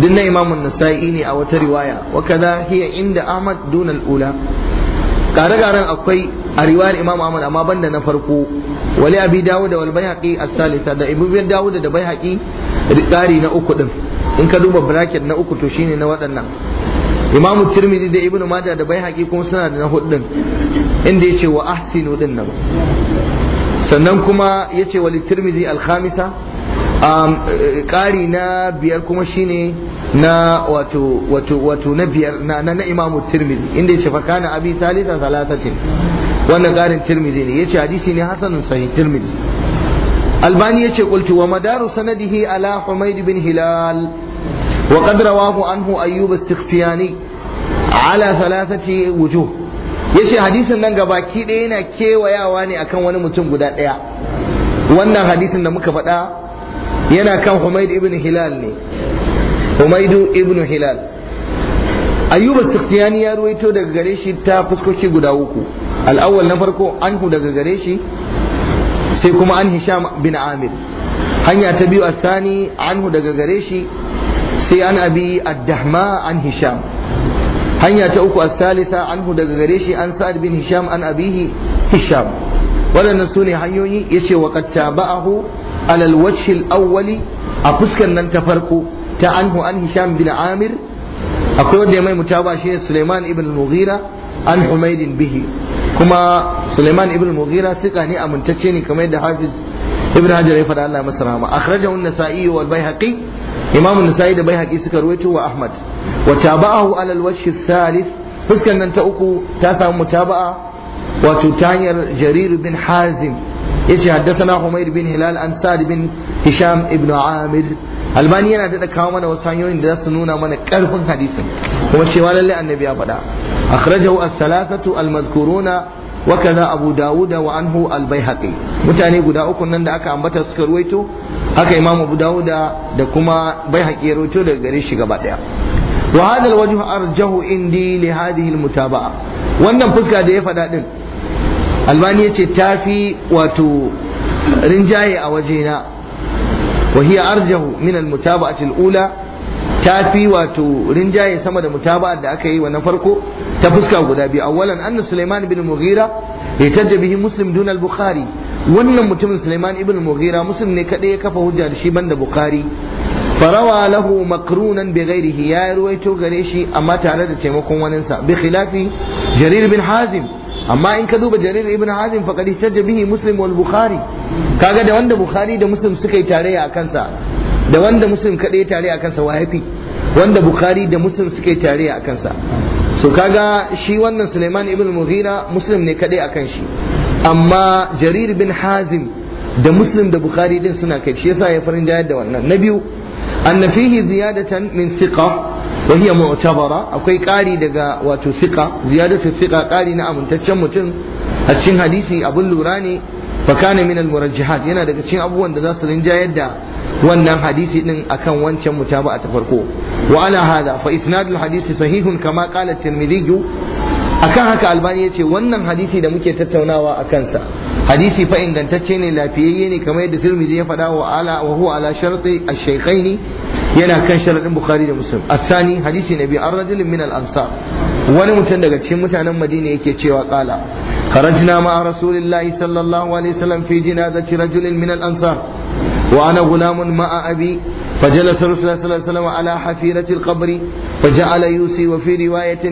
din na imam nisa'i ne a wata riwaya wa kaza hiya inda ahmad dun al-ula kare-karen akwai a riwayar imam ahmad amma banda na farko wali abi dawud wal bayhaqi as-salisa da ibnu dawud da bayhaqi riqari na uku din in ka duba bracket na uku to shine na waɗannan imamu tirmidhi da ibnu maja da baihaqi kuma suna da na hudu inda yace wa ahsinu din nan sannan kuma yace wa tirmidhi al-khamisa ƙari na biyar kuma shine na wato wato wato na biyar na na imamu tirmidhi inda yace fa kana abi salisa salatatin wannan ƙarin tirmidhi ne yace hadisi ne hasanun sahih tirmidhi albani yace qultu wa madaru sanadihi ala humayd bin hilal وقد رواه عنه أيوب السختياني على ثلاثة وجوه yace hadisin nan gabaki ɗaya yana kewayawa ne akan wani mutum guda daya. wannan hadisin da muka faɗa yana kan Humaid ibn Hilal ne Humaidu ibn Hilal Ayyub as-Sikhtiyani ya ruwaito daga gare shi ta fuskoki guda uku al-awwal na farko anhu daga gare shi sai kuma an Hisham bin Amir hanya ta biyu Sani anhu daga gare shi sai an abi addahma an hisham hanya ta uku a salisa anhu daga gare shi an sa'ad bin hisham an abihi hisham waɗannan su ne hanyoyi yace wa qad taba'ahu ala awwali a fuskan nan ta farko ta anhu an hisham bin amir akwai wanda ya mai mutaba ne Suleiman ibn Mughira an Humaydin bihi kuma Suleiman ibn Mughira sika ne amintacce ne kamar yadda Hafiz Ibn Hajar ya faɗa Allah masa akhrajahu an-Nasa'i wal Baihaqi imamu nisa'i da bai haƙi suka ruwaito wa ahmad wa taba'ahu alal wajhi salis fuskan nan ta uku ta samu mutaba'a wato ta hanyar jarir bin hazim yace haddathana humayr bin hilal an sa'd bin hisham ibn amir albani yana da kawo mana wasu hanyoyin da za su nuna mana karfin hadisin kuma cewa lallai annabi ya faɗa akhrajahu as-salasatu al-madhkuruna وكذا أبو داود وعنه البيهقي متاني قد أكون نند أكا أمبتا سكرويتو أكا إمام أبو داود دكما بيهقي رويتو دقريش قبادة وهذا الوجه أرجه عندي لهذه المتابعة وأنا فسكا دي فدادن albani ya ce ta fi wato rinjaye a wajena وهي أرجه من المتابعة الأولى Tafi wato rinjaye sama da mutaba'ar da aka yi wa na farko ta fuska guda biyu awwalan anna Sulaiman ibn Mughira yatajja bihi Muslim dun al-Bukhari wannan mutumin Sulaiman ibn Mughira Muslim ne kadai ya kafa hujja da shi banda Bukhari farawa lahu makrunan bi ghairihi ya ruwaito gare shi amma tare da taimakon sa. bi khilafi Jarir bin Hazim amma in ka duba jarir ibn hazim faqad ihtajja bihi muslim wal bukhari kaga da wanda bukhari da muslim suka yi tare a kansa da wanda muslim kaɗai tare a kansa wahafi wanda bukari da muslim suke tare a kansa so kaga shi wannan suleiman ibn mughira muslim ne kaɗai a kan shi amma jarir bin hazim da muslim da bukari din suna kai shi yasa ya farin jayar da wannan na biyu an fihi ziyadatan min siqa wa hiya mu'tabara akwai ƙari daga wato siqa ziyadatu siqa ƙari na amintaccen mutum a cikin hadisi abun lura ne fakana min al-murajjihat yana daga cikin abubuwan da za su rinjayar da wannan hadisi din akan wancan mutaba'a ta farko wa ala hada fa isnad al-hadisi sahihun kama qala at-tirmidhi akan haka albani yace wannan hadisi da muke tattaunawa a kansa hadisi fa ingantacce ne lafiyayye ne kamar yadda tirmidhi ya faɗa wa ala wa huwa ala sharti ash-shaykhaini yana kan sharadin bukhari da muslim asani hadisi nabi ar-rajul min al-ansar wani mutum daga cikin mutanen madina yake cewa kala kharajna ma'a rasulillahi sallallahu alaihi wasallam fi rajulin ansar wa ana gulamun ma'a abi فجلس رسول الله صلى الله عليه وسلم على حفيرة القبر فجعل يوسي وفي رواية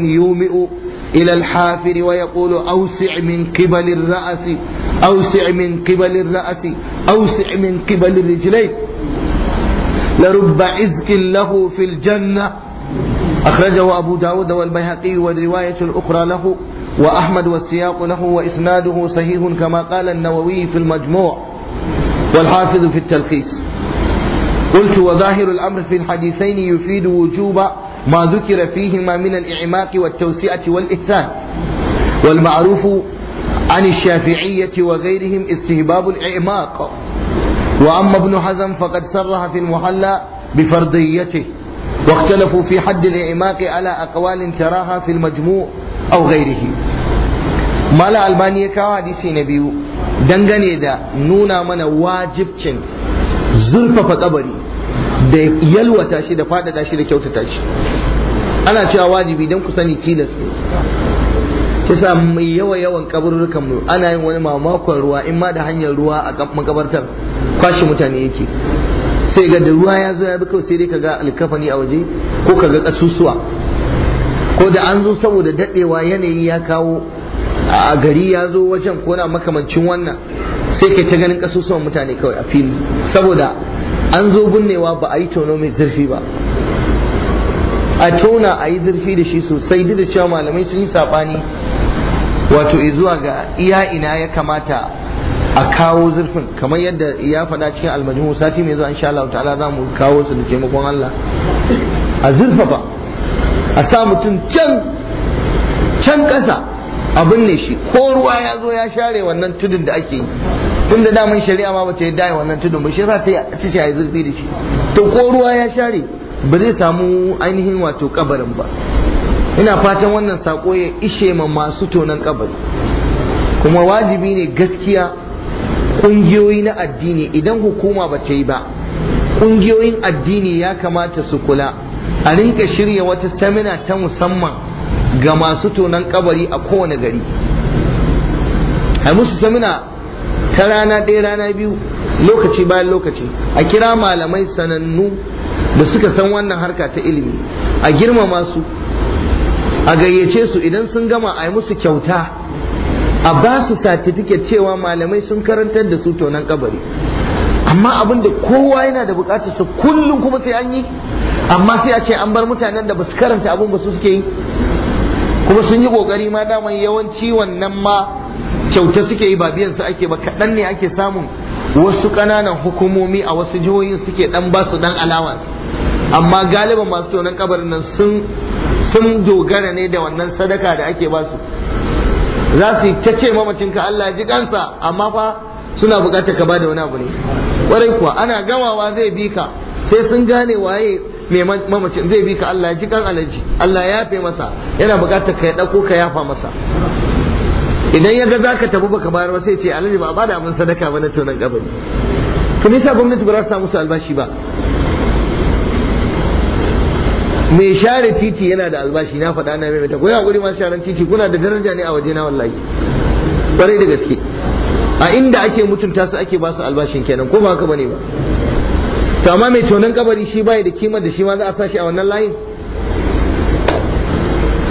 لرب له في أخرجه أبو داود والبيهقي والرواية الأخرى له وأحمد والسياق له وإسناده صحيح كما قال النووي في المجموع والحافظ في التلخيص قلت وظاهر الأمر في الحديثين يفيد وجوب ما ذكر فيهما من الإعماق والتوسعة والإحسان والمعروف عن الشافعية وغيرهم استهباب الإعماق وأما ابن حزم فقد صرح في المحلى بفرضيته واختلفوا في حد الإعماق على أقوال Majmu في المجموع أو غيره ما لا ألبانية كواديسي نبيو dangane da nuna mana wajibcin zurfafa kabari da yalwata shi da fadada shi da kyautata shi ana cewa wajibi don ku sani tilas ne kisa mai yawa yawan kaburrukan mu ana yin wani mamakon ruwa in ma da hanyar ruwa a makabartar kwashe mutane yake sai ga da ruwa ya zo ya bi kawai sai dai ka ga alkafani a waje ko ka ga kasusuwa ko da an zo saboda dadewa yanayi ya kawo a gari ya zo wajen ko na makamancin wannan sai ka ta ganin kasusuwa mutane kawai a fili saboda an zo binnewa ba a yi tono mai zurfi ba a tona a yi zurfi da shi sosai duk da cewa malamai sun yi saɓani wato zuwa ga iya ina ya kamata a kawo zurfin kamar yadda ya faɗa cikin almajmu sati mai zuwa insha Allah ta'ala za mu kawo su da taimakon Allah a zurfafa a sa mutum can can ƙasa abin ne shi ko ruwa ya zo ya share wannan tudun da ake yi tun da daman shari'a ma bata yi daya wannan tudun ba shi yasa sai ta ce zurfi da shi to ko ruwa ya share ba zai samu ainihin wato kabarin ba ina fatan wannan sako ya ishe ma masu tonan kabari kuma wajibi ne gaskiya ƙungiyoyi na addini idan hukuma ba ta yi ba ƙungiyoyin addini ya kamata su kula a rinka shirya wata stamina ta musamman ga masu tonan kabari a kowane gari a musu stamina ta rana ɗaya rana biyu lokaci bayan lokaci a kira malamai sanannu da suka san wannan harka ta ilimi a girmama su a gayyace su idan sun gama a yi musu kyauta a ba su certificate cewa malamai sun karantar da su nan kabari amma abin da kowa yana da bukatar su kullum kuma sai an yi amma sai a ce an bar mutanen da ba su karanta abin ba su suke yi kuma sun yi kokari ma daman yawanci wannan ma kyauta suke yi ba biyan su ake ba kaɗan ne ake samun wasu ƙananan hukumomi a wasu jihohin suke dan ba su dan allowance amma galiban masu tonon kabarin nan sun dogara ne da wannan sadaka da ake ba su za su yi ta ce mamacinka ka Allah ya ji kansa amma fa suna bukatar ka bada wani abu ne kwarai kuwa ana gamawa zai bi ka sai sun gane waye mai mamacin zai bi ka Allah ji kan alaji Allah ya yafe masa yana bukatar ka ya dauko ka yafa masa idan ya ga za ka tafi baka bayar sai ce alaji ba ba da abin sadaka ba na tonan gabani kuma gwamnati ba za su samu su albashi ba mai share titi yana da albashi na faɗa na mai ko ya guri masu sharan titi kuna da daraja ne a waje na wallahi kwarai da gaske a inda ake mutunta su ake ba su albashin kenan ko ba haka bane ba to amma mai tonon kabari shi bai da kima da shi ma za a sa shi a wannan layin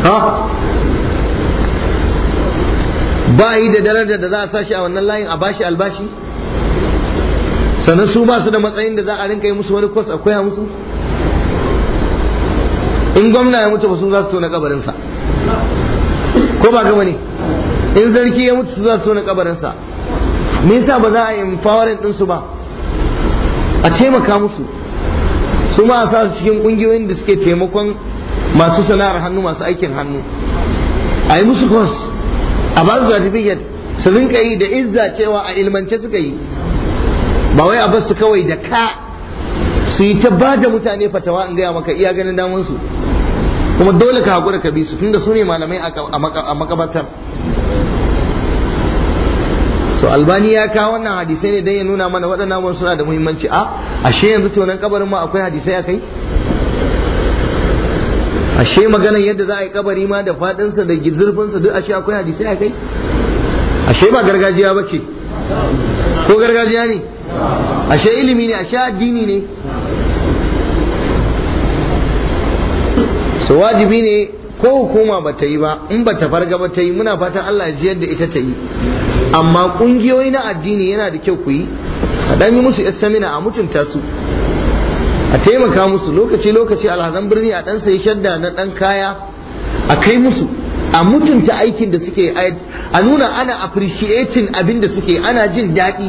ha ba yi da daraja da za a sa shi a wannan layin a bashi albashi sannan su ba su da matsayin da za a rinka yi musu wani kwas a koya musu in gwamna ya mutu ba sun za su tona kabarinsa ko ba gama ne in sarki ya mutu su za su tona kabarinsa me yasa ba za a yi empowering ɗinsu ba a taimaka musu su ma a sa su cikin ƙungiyoyin da suke taimakon masu sana'ar hannu masu aikin hannu a yi musu kwas a ba su certificate su rinka yi da izza cewa a ilmance suka yi ba wai a basu kawai da ka su yi ta ba da mutane fatawa in gaya maka iya ganin damansu su kuma dole ka hakura ka bi su tunda su ne malamai a makabartar so albani ya kawo wannan hadisai ne don ya nuna mana waɗannan abubuwan suna da muhimmanci a ashe yanzu tonan kabarin ma akwai hadisai a kai ashe maganar yadda za a yi kabari ma da faɗinsa da zurfinsa duk ashe akwai hadisai a kai ashe ba gargajiya ba ce ko gargajiya ne ashe ilimi ne ashe addini ne to wajibi ne ko hukuma ba ta yi ba in ba ta farga ba ta yi muna fatan Allah ya ji da ita ta yi amma kungiyoyi na addini yana da kyau ku yi a dan yi musu istamina a mutunta su a taimaka musu lokaci lokaci alhazan birni a dan sayi shadda na dan kaya a kai musu a mutunta aikin da suke a nuna ana appreciating abin da suke ana jin daɗi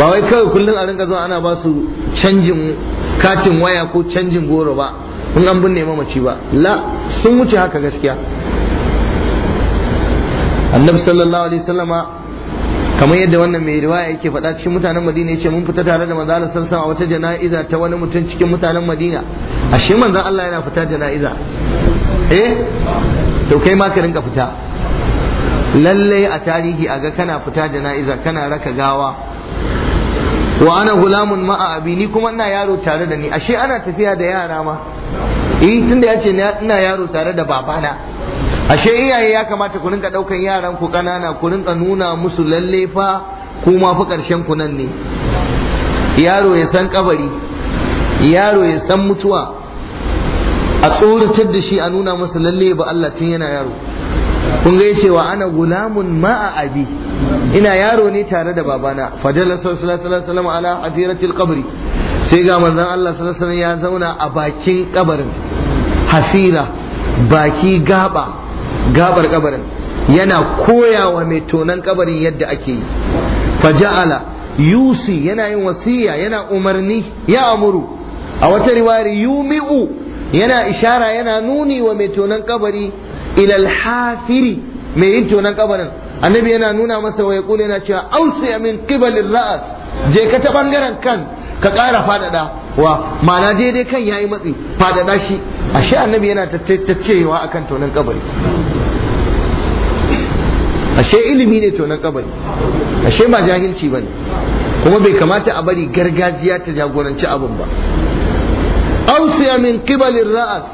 ba wai kawai kullum a rinka zuwa ana ba su canjin katin waya ko canjin goro ba in an binne mamaci ba la sun wuce haka gaskiya annabi sallallahu alaihi wasallama kamar yadda wannan mai riwaya yake faɗa cikin mutanen madina yace mun fita tare da manzo Allah sallallahu a wata jana'iza ta wani mutum cikin mutanen madina ashe manzo Allah yana fita jana'iza eh to kai ma ka rinka fita lallai a tarihi a ga kana fita jana'iza kana raka gawa wa ana gulamun ma'a abi ni kuma ina yaro tare da ni ashe ana tafiya da yara ma eh tunda ya ce ina yaro tare da babana ashe iyaye ya kamata ku rinka daukan yaran ku kanana ku rinka nuna musu lalle fa kuma fa karshen ku nan ne yaro ya san kabari yaro ya san mutuwa a tsoratar da shi a nuna masa lalle ba Allah tun yana yaro kun ga yace wa ana gulamun ma'a abi ina yaro ne tare da babana fajala sallallahu alaihi wasallam ala hasiratil qabri sai ga manzon Allah sallallahu alaihi ya zauna a bakin kabarin hasira baki gaba gabar kabarin yana koyawa mai tonan kabarin yadda ake yi faja'ala yusi yana yin wasiya yana umarni ya amuru a wata riwayar yumi'u yana ishara yana nuni wa mai tonan kabari ilal hafiri mai yin tonan kabarin annabi yana nuna masa wa yaqulu yana cewa Ausi min kibalin ra'as je ka ta bangaren kan ka ƙara fadada wa ma'ana daidai kan yayi matsi faɗaɗa shi ashe annabi yana tattacewa akan tonan kabari ashe ilimi ne tonan kabari ashe ba jahilci bane kuma bai kamata a bari gargajiya ta jagoranci abin ba ausi min kibalin ra'as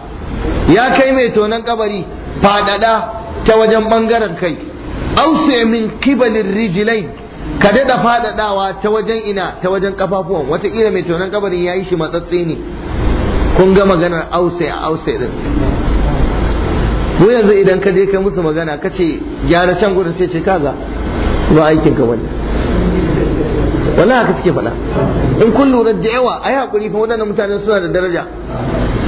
ya kai mai tonon kabari fadada ta wajen bangaren kai ausa min kibalin rijilai ka da faɗaɗawa ta wajen ina ta wajen kafafuwan wataƙila mai tonon kabarin ya yi shi matsatsi ne kun ga maganar ausa a ausa din ko yanzu idan ka je kai musu magana ka ce gyara can gudun sai ce kaza ba aikin ka wani wallahi haka suke faɗa in kun lura da yawa a yi haƙuri fa waɗannan mutanen suna da daraja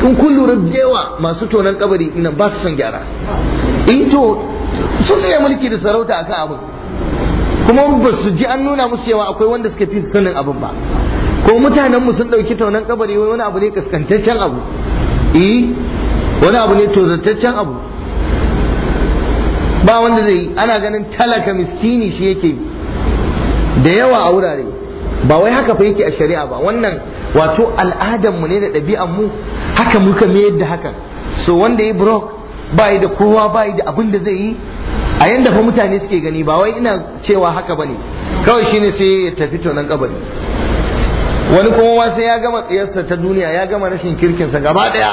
in kun lura da yawa masu tonon kabari ina ba su son gyara in eh to Sun iya mulki da sarauta kan abin kuma ba su ji an nuna musu yawa akwai wanda suka fi sanin abin ba ko mutanen mu sun dauki taunan kabari wani abu ne kaskantaccen abu eh wani abu ne tozantaccen abu ba wanda zai yi ana ganin talaka miskini shi yake da yawa a wurare ba wai haka fa yake a shari'a ba wannan wato al'adanmu ne da ɗabi'an mu haka muka mayar da hakan so wanda ya brok bai da kowa bai da abin da zai yi a yanda fa mutane suke gani ba wai ina cewa haka bane kawai shine sai ya tafi tonan kabari wani kuma ma sai ya gama tsiyarsa ta duniya ya gama rashin kirkinsa gaba daya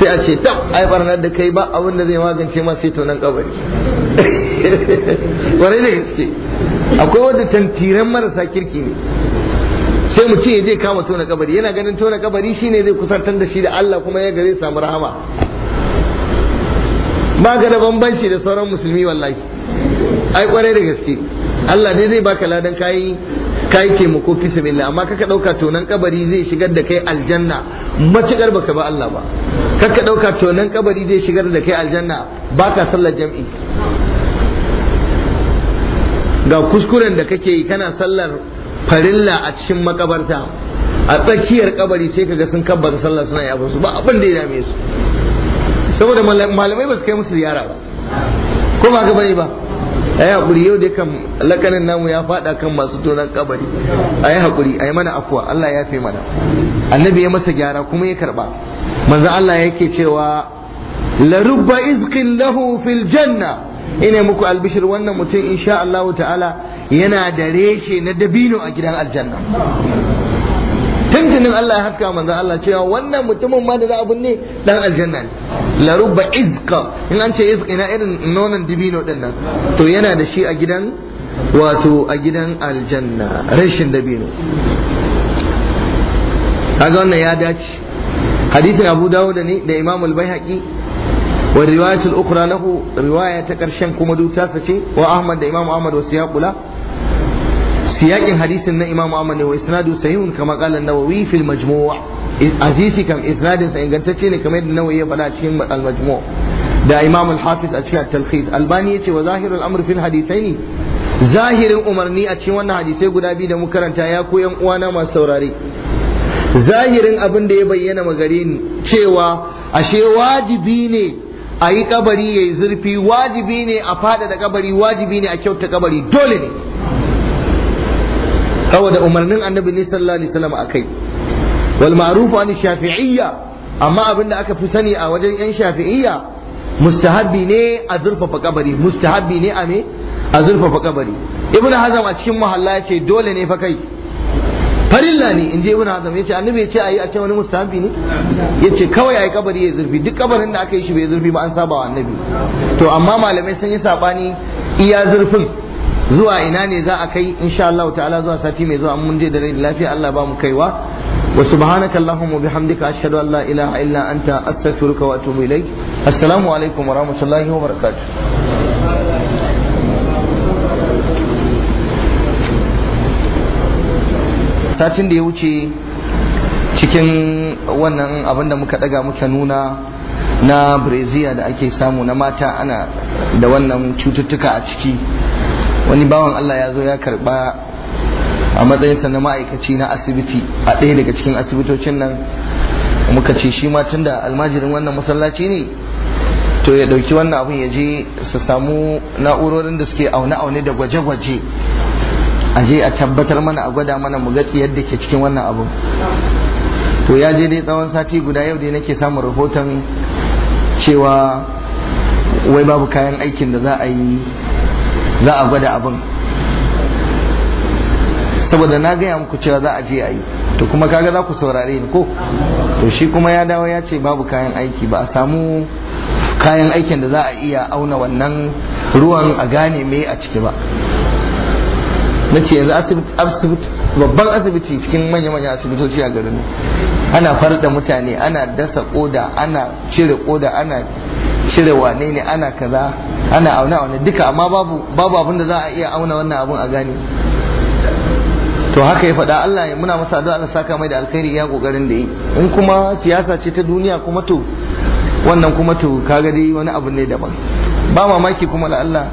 sai a ce tab ai barnar da kai ba abin da zai magance ma sai tonan kabari wani da gaske akwai wanda tantiran marasa kirki ne sai mutum ya je kama tona kabari yana ganin tona kabari shine zai kusantar da shi da Allah kuma ya gare samu rahama ba ka da bambanci da sauran musulmi wallahi ai kwarai da gaske Allah ne zai baka ladan kayi kai taimako ko sabilillah amma kaka dauka tonan kabari zai shigar da kai aljanna matukar baka ba Allah ba kaka dauka tonan kabari zai shigar da kai aljanna baka sallar jam'i ga kuskuren da kake yi kana sallar farilla a cikin makabarta a tsakiyar kabari sai kaga sun kabbata sallah suna yabo su ba abin da ya dame su saboda malamai ba su kai musu ziyara ba ko ba ka bane ba a yi haƙuri yau dai kan lakanin namu ya faɗa kan masu tonon kabari a yi haƙuri a yi mana afuwa Allah ya fi mana annabi ya masa gyara kuma ya karɓa manzo Allah yake cewa larubba izkin lahu fil janna ina muku albishir wannan mutum insha Allah ta'ala yana da reshe na dabino a gidan aljanna tuntunin Allah ya haska manzon Allah cewa wannan mutumin ma da za a dan aljanna ne larubba izka in an ce izka ina irin nonon dibino din nan to yana da shi a gidan wato a gidan aljanna rashin dabino kaga wannan ya dace hadisin abu dawud ne da imam al-baihaqi wa riwayatul ukhra lahu riwaya ta karshen kuma duta ce wa ahmad da imam ahmad wa siyaqula siyakin hadisin na imam ahmad ne wa isnadu sahihun kama qala an-nawawi fil majmu' Azizi kam isnadin sa ingantacce ne kamar yadda nawawi ya faɗa cikin al-majmu da imam al-hafiz a cikin at-talkhis albani yace wa zahirul amr fil hadithaini zahirin umarni a cikin wannan hadisai guda biyu da muka karanta ya koyan uwa na masu saurare zahirin abin da ya bayyana magare ni cewa ashe wajibi ne a yi kabari ya yi zurfi wajibi ne a faɗaɗa kabari wajibi ne a kyauta kabari dole ne saboda umarnin annabi ne sallallahu alaihi wasallam akai wal ma'ruf an shafi'iyya amma abin aka fi sani a wajen yan shafi'iyya mustahabbi ne a zurfafa kabari mustahabbi ne a zurfafa kabari ibnu hazam a cikin muhalla yace dole ne fa kai farilla ne in je ibnu hazam yace annabi yace ayi a ce wani mustahabbi ne yace kawai ayi kabari ya zurfi duk kabarin da aka yi shi bai zurfi ba an saba wa annabi to amma malamai sun yi sabani iya zurfin zuwa ina ne za a kai insha Allah ta'ala zuwa sati mai zuwa mun munje da rai lafiya Allah bamu kai wa? wa subhanaka allahumma bihamdika ashhadu an la ilaha illa anta astaghfiruka wa atubu ilaik assalamu alaikum wa rahmatullahi wa barakatuh satin da ya wuce cikin wannan abin da muka ɗaga muka nuna na breziya da ake samu na mata ana da wannan cututtuka a ciki wani bawan Allah ya zo ya karba a matsayinsa na ma'aikaci na asibiti a ɗaya daga cikin asibitocin nan muka ce shi ma tunda almajirin wannan masallaci ne to ya ɗauki wannan abin ya je su samu na'urorin da suke aune-aune da gwaje-gwaje a je a tabbatar mana a gwada mana mu ga yadda ke cikin wannan abin to ya je dai tsawon sati guda yau dai nake samun rahoton cewa wai babu kayan aikin da za a yi za a gwada abin saboda na gaya muku cewa za a je a yi to kuma kaga za ku saurare ni ko to shi kuma ya dawo ya ce babu kayan aiki ba a samu kayan aikin da za a iya auna wannan ruwan a gane me a ciki ba na ce yanzu asibiti babban asibiti cikin manya-manya asibitoci a garin ana da mutane ana dasa koda ana cire koda ana cire wane ne ana kaza ana auna auna duka amma babu babu abin da za a iya auna wannan abun a gane to haka ya faɗa Allah ya muna masa addu'a Allah saka mai da alkhairi ya kokarin da yi in kuma siyasa ce ta duniya kuma to wannan kuma to kaga dai wani abu ne daban ba mamaki kuma la Allah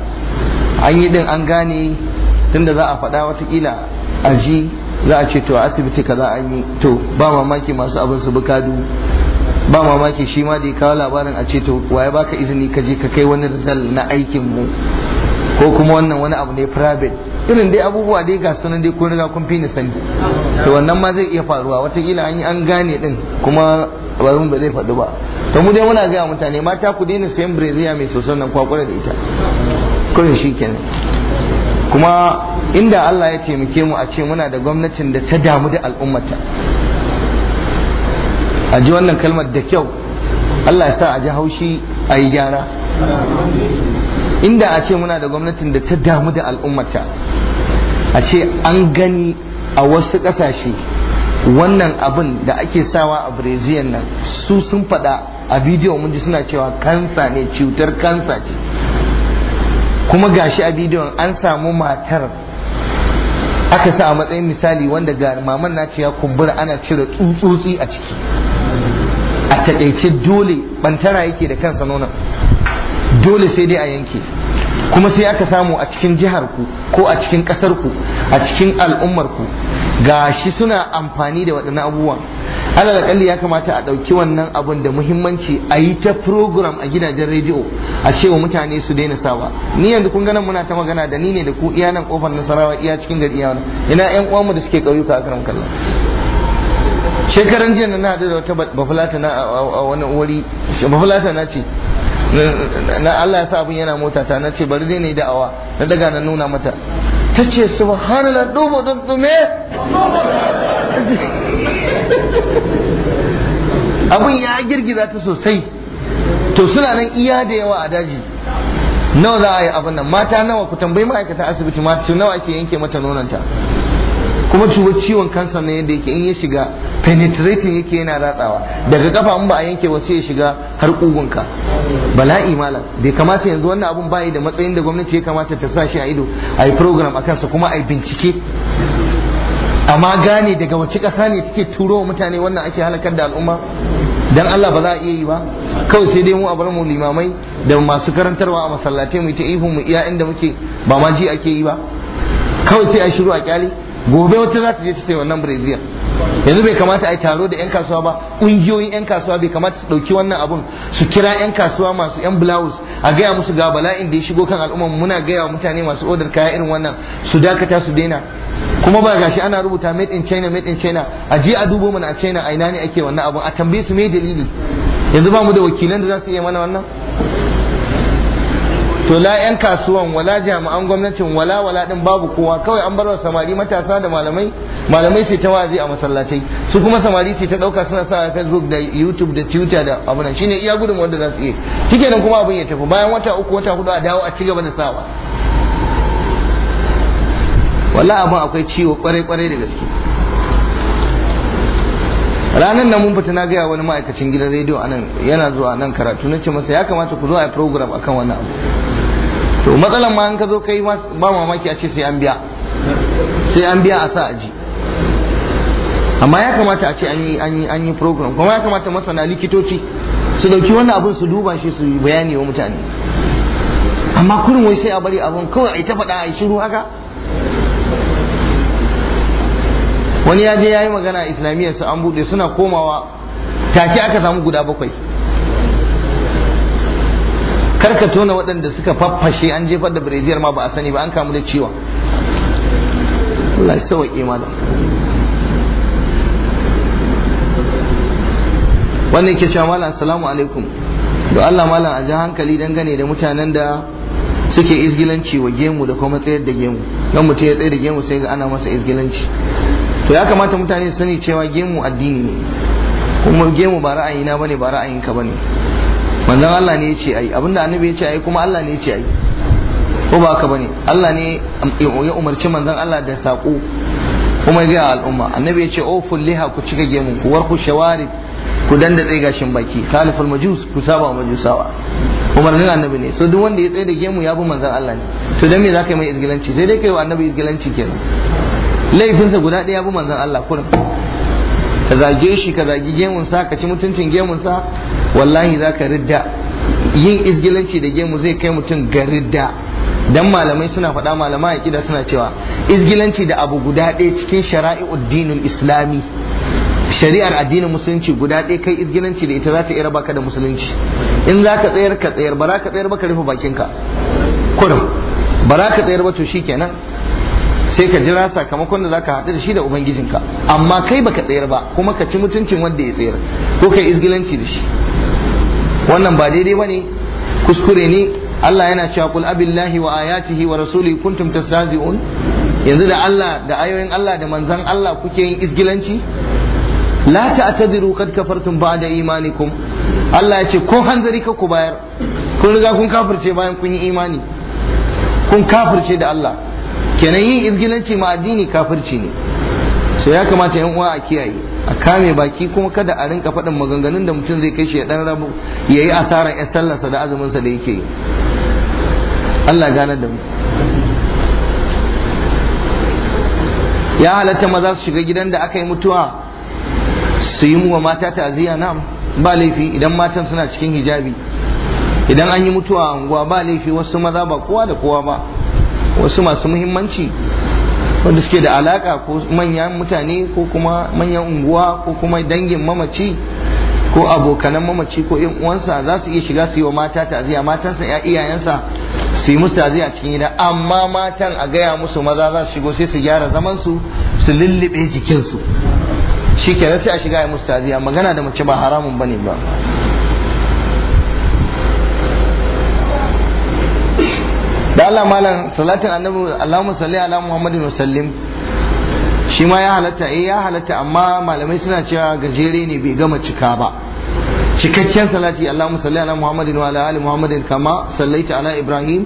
an yi din an gane tunda za a faɗa watakila a ji za a ce to a asibiti kaza an yi to ba mamaki masu abin su bukadu ba mamaki shi ma da ya kawo labarin a ce to waye baka izini ka je ka kai wani rizal na aikin mu ko kuma wannan wani abu ne private irin dai abubuwa dai ga sunan dai kun riga kun fi sani to wannan ma zai iya faruwa watakila an yi an gane din kuma barin ba zai faɗi ba to mu dai muna gaya mutane mata ku daina sayan breziya mai soson nan kwakwara da ita kawai shi kenan kuma inda Allah ya taimake mu a ce muna da gwamnatin da ta damu da al'ummata a ji wannan kalmar da kyau Allah ya sa a ji haushi a yi gyara inda a ce muna da gwamnatin da ta damu da al'ummata a ce an gani a wasu ƙasashe wannan abin da ake sawa a brazil nan su sun faɗa a bidiyo mun ji suna cewa kansa ne cutar kansa ce kuma gashi a bidiyon an samu matar aka sa a matsayin misali wanda ga maman na ce ya kumbura ana cire tsutsutsi a ciki a taƙaice dole bantara yake da kansa nonon dole sai dai a yanke kuma sai aka samu a cikin jihar ku ko a cikin kasar a cikin al'ummarku ku gashi suna amfani da waɗannan abubuwan alal ya kamata a ɗauki wannan abun da muhimmanci a yi ta program a gidajen rediyo a cewa mutane su daina sawa ni yanzu kun ganin muna ta magana da ni ne da ku iya kofar nasarawa iya cikin gari iya ina yan uwanmu da suke ƙauyuka a karam kallon shekaran jiya na hadu da wata bafulata na a wani wuri bafulata na ce na Allah ya sa abin yana mota ta na ce bari ne ne da'awa na daga na nuna mata ta ce subhanallah don dume abin ya girgiza ta sosai to suna nan iya da yawa a daji nawa za a yi abin nan mata nawa ku tambayi ma'aikatan asibiti mata nawa ake yanke mata nonanta kuma cutar ciwon kansa ne yadda yake in ya shiga penetrating yake yana ratsawa daga kafa in ba a yanke wasu ya shiga har kugunka bala'i malam bai kamata yanzu wannan abun bayi da matsayin da gwamnati ya kamata ta sa shi a ido a yi program a kansa kuma a yi bincike amma gane daga wace ƙasa ne take turo mutane wannan ake halakar da al'umma dan Allah ba za a iya yi ba kawai sai dai mu a bar mu limamai da masu karantarwa a masallatai mu ta ihu mu iya inda muke ba ma ji ake yi ba kawai sai a shiru a kyale gobe wata za ta je ta sai wannan brazil yanzu bai kamata a yi taro da 'yan kasuwa ba ƙungiyoyin 'yan kasuwa bai kamata su ɗauki wannan abun su kira 'yan kasuwa masu 'yan blouse a gaya musu ga bala'in da ya shigo kan al'umma muna gaya wa mutane masu odar kaya irin wannan su dakata su daina kuma ba gashi ana rubuta made in china made in china a je a dubo mana a china a ina ne ake wannan abun a tambaye su me dalili yanzu ba mu da wakilan da za su iya mana wannan to la yan kasuwan wala jami'an gwamnatin wala wala din babu kowa kawai an barwa samari matasa da malamai malamai sai ta wazi a masallatai su kuma samari sai ta dauka suna sa Facebook da YouTube da Twitter da abu nan shine iya gudun wanda za su yi nan kuma abin ya tafi bayan wata uku wata hudu a dawo a ci gaba da sawa wala abu akwai ciwo kwarai kwarai da gaske ranar nan mun fita na gaya wani ma'aikacin gidan rediyo anan yana zuwa nan karatu na ce masa ya kamata ku zo a program akan wannan abu to matsalan ma in ka zo kai ba mamaki a ce sai an biya sai an biya a sa a ji. amma ya kamata a ce an yi program kuma ya kamata masana likitoci su dauki wannan abin su duba shi su bayani wa mutane amma kurin wai sai a bari abin kawai a yi ta faɗa a yi shiru haka wani ya je ya yi magana islamiyya su an buɗe suna komawa take aka samu guda bakwai kar ka tona waɗanda suka faffashe an jefar da birejiyar ma ba a sani ba an kamu da ciwon Allah ya sauƙi wannan ke cewa malam assalamu alaikum da Allah malam a ji hankali gane da mutanen da suke izgilanci wa gemu da kuma tsayar da gemu don mutum ya tsaye da gemu sai ga ana masa izgilanci to ya kamata mutane su sani cewa gemu addini ne kuma gemu ba ra'ayina bane ba ra'ayinka bane Manzan Allah ne ce ai abinda annabi ya ce ai kuma Allah ne ya ce ai ko ba haka bane Allah ne ya umarci manzan Allah da sako kuma ga al'umma annabi yace o oh, fulliha ku cika gemun ku warku shawari ku danda tsaye gashin baki khalifal majus ku saba majusawa umarnin annabi ne so duk wanda ya tsaye da gemu ya bi manzan Allah ne to dan me zaka yi mai izgilanci sai dai kai wa annabi izgilanci kenan laifinsa guda ɗaya ya bi manzon Allah kurin ka zage shi ka zagi gemunsa ka ci mutuncin gemunsa wallahi za ka ridda yin izgilanci da gemu zai kai mutum ga ridda dan malamai suna faɗa malamai kida suna cewa izgilanci da abu guda ɗaya cikin shari'ar addinin islami shari'ar addinin musulunci guda ɗaya kai izgilanci da ita za ta iya raba ka da musulunci in za ka tsayar ka tsayar ba za ka tsayar ba ka rufe bakinka kurum ba za ka tsayar ba to shikenan sai ka jira sakamakon da ka haɗu da shi da ubangijinka amma kai baka tsayar ba kuma ka ci mutuncin wanda ya tsayar ko kai izgilanci da shi wannan ba daidai ba ne. kuskure ne Allah yana cewa kul abillahi wa ayatihi wa rasuli kuntum tastazi'un yanzu da Allah da ayoyin Allah da manzan Allah kuke yin izgilanci la ta'tadiru kad kafartum ba'da imanikum Allah ya ce ko hanzari ka ku bayar kun riga kun kafirce bayan kun yi imani kun kafirce da Allah kenan yin izgilanci ma addini kafirci ne sai ya kamata yan uwa a kiyaye a kame baki kuma kada a rinka faɗin maganganun da mutum zai kai shi ya dan rabu ya yi asarar ya sallarsa da azuminsa da yake yi Allah gane da mu ya halatta maza su shiga gidan da aka yi mutuwa su yi wa mata ta'aziyya na ba laifi idan matan suna cikin hijabi idan an yi mutuwa a unguwa ba laifi wasu maza ba kowa da kowa ba wasu masu muhimmanci wanda suke da alaka ko manyan mutane ko kuma manyan unguwa ko kuma dangin mamaci ko abokanan mamaci ko yan uwansa za su iya shiga su yi wa mata ta'aziya matansa ya iyayensa su yi musu ta'aziya a cikin gida amma matan a gaya musu maza za su shigo sai su gyara zaman su su lullube jikinsu shi kenan sai a shiga ya musu ta'aziya magana da mace ba haramun bane ba da Allah malam salatin annabi Allahumma salli ala Muhammadin wa sallim shi ma ya halatta eh ya halatta amma malamai suna cewa gajere ne bai gama cika ba cikakken salati Allahumma salli ala Muhammadin wa ala ali Muhammadin kama sallaita ala Ibrahim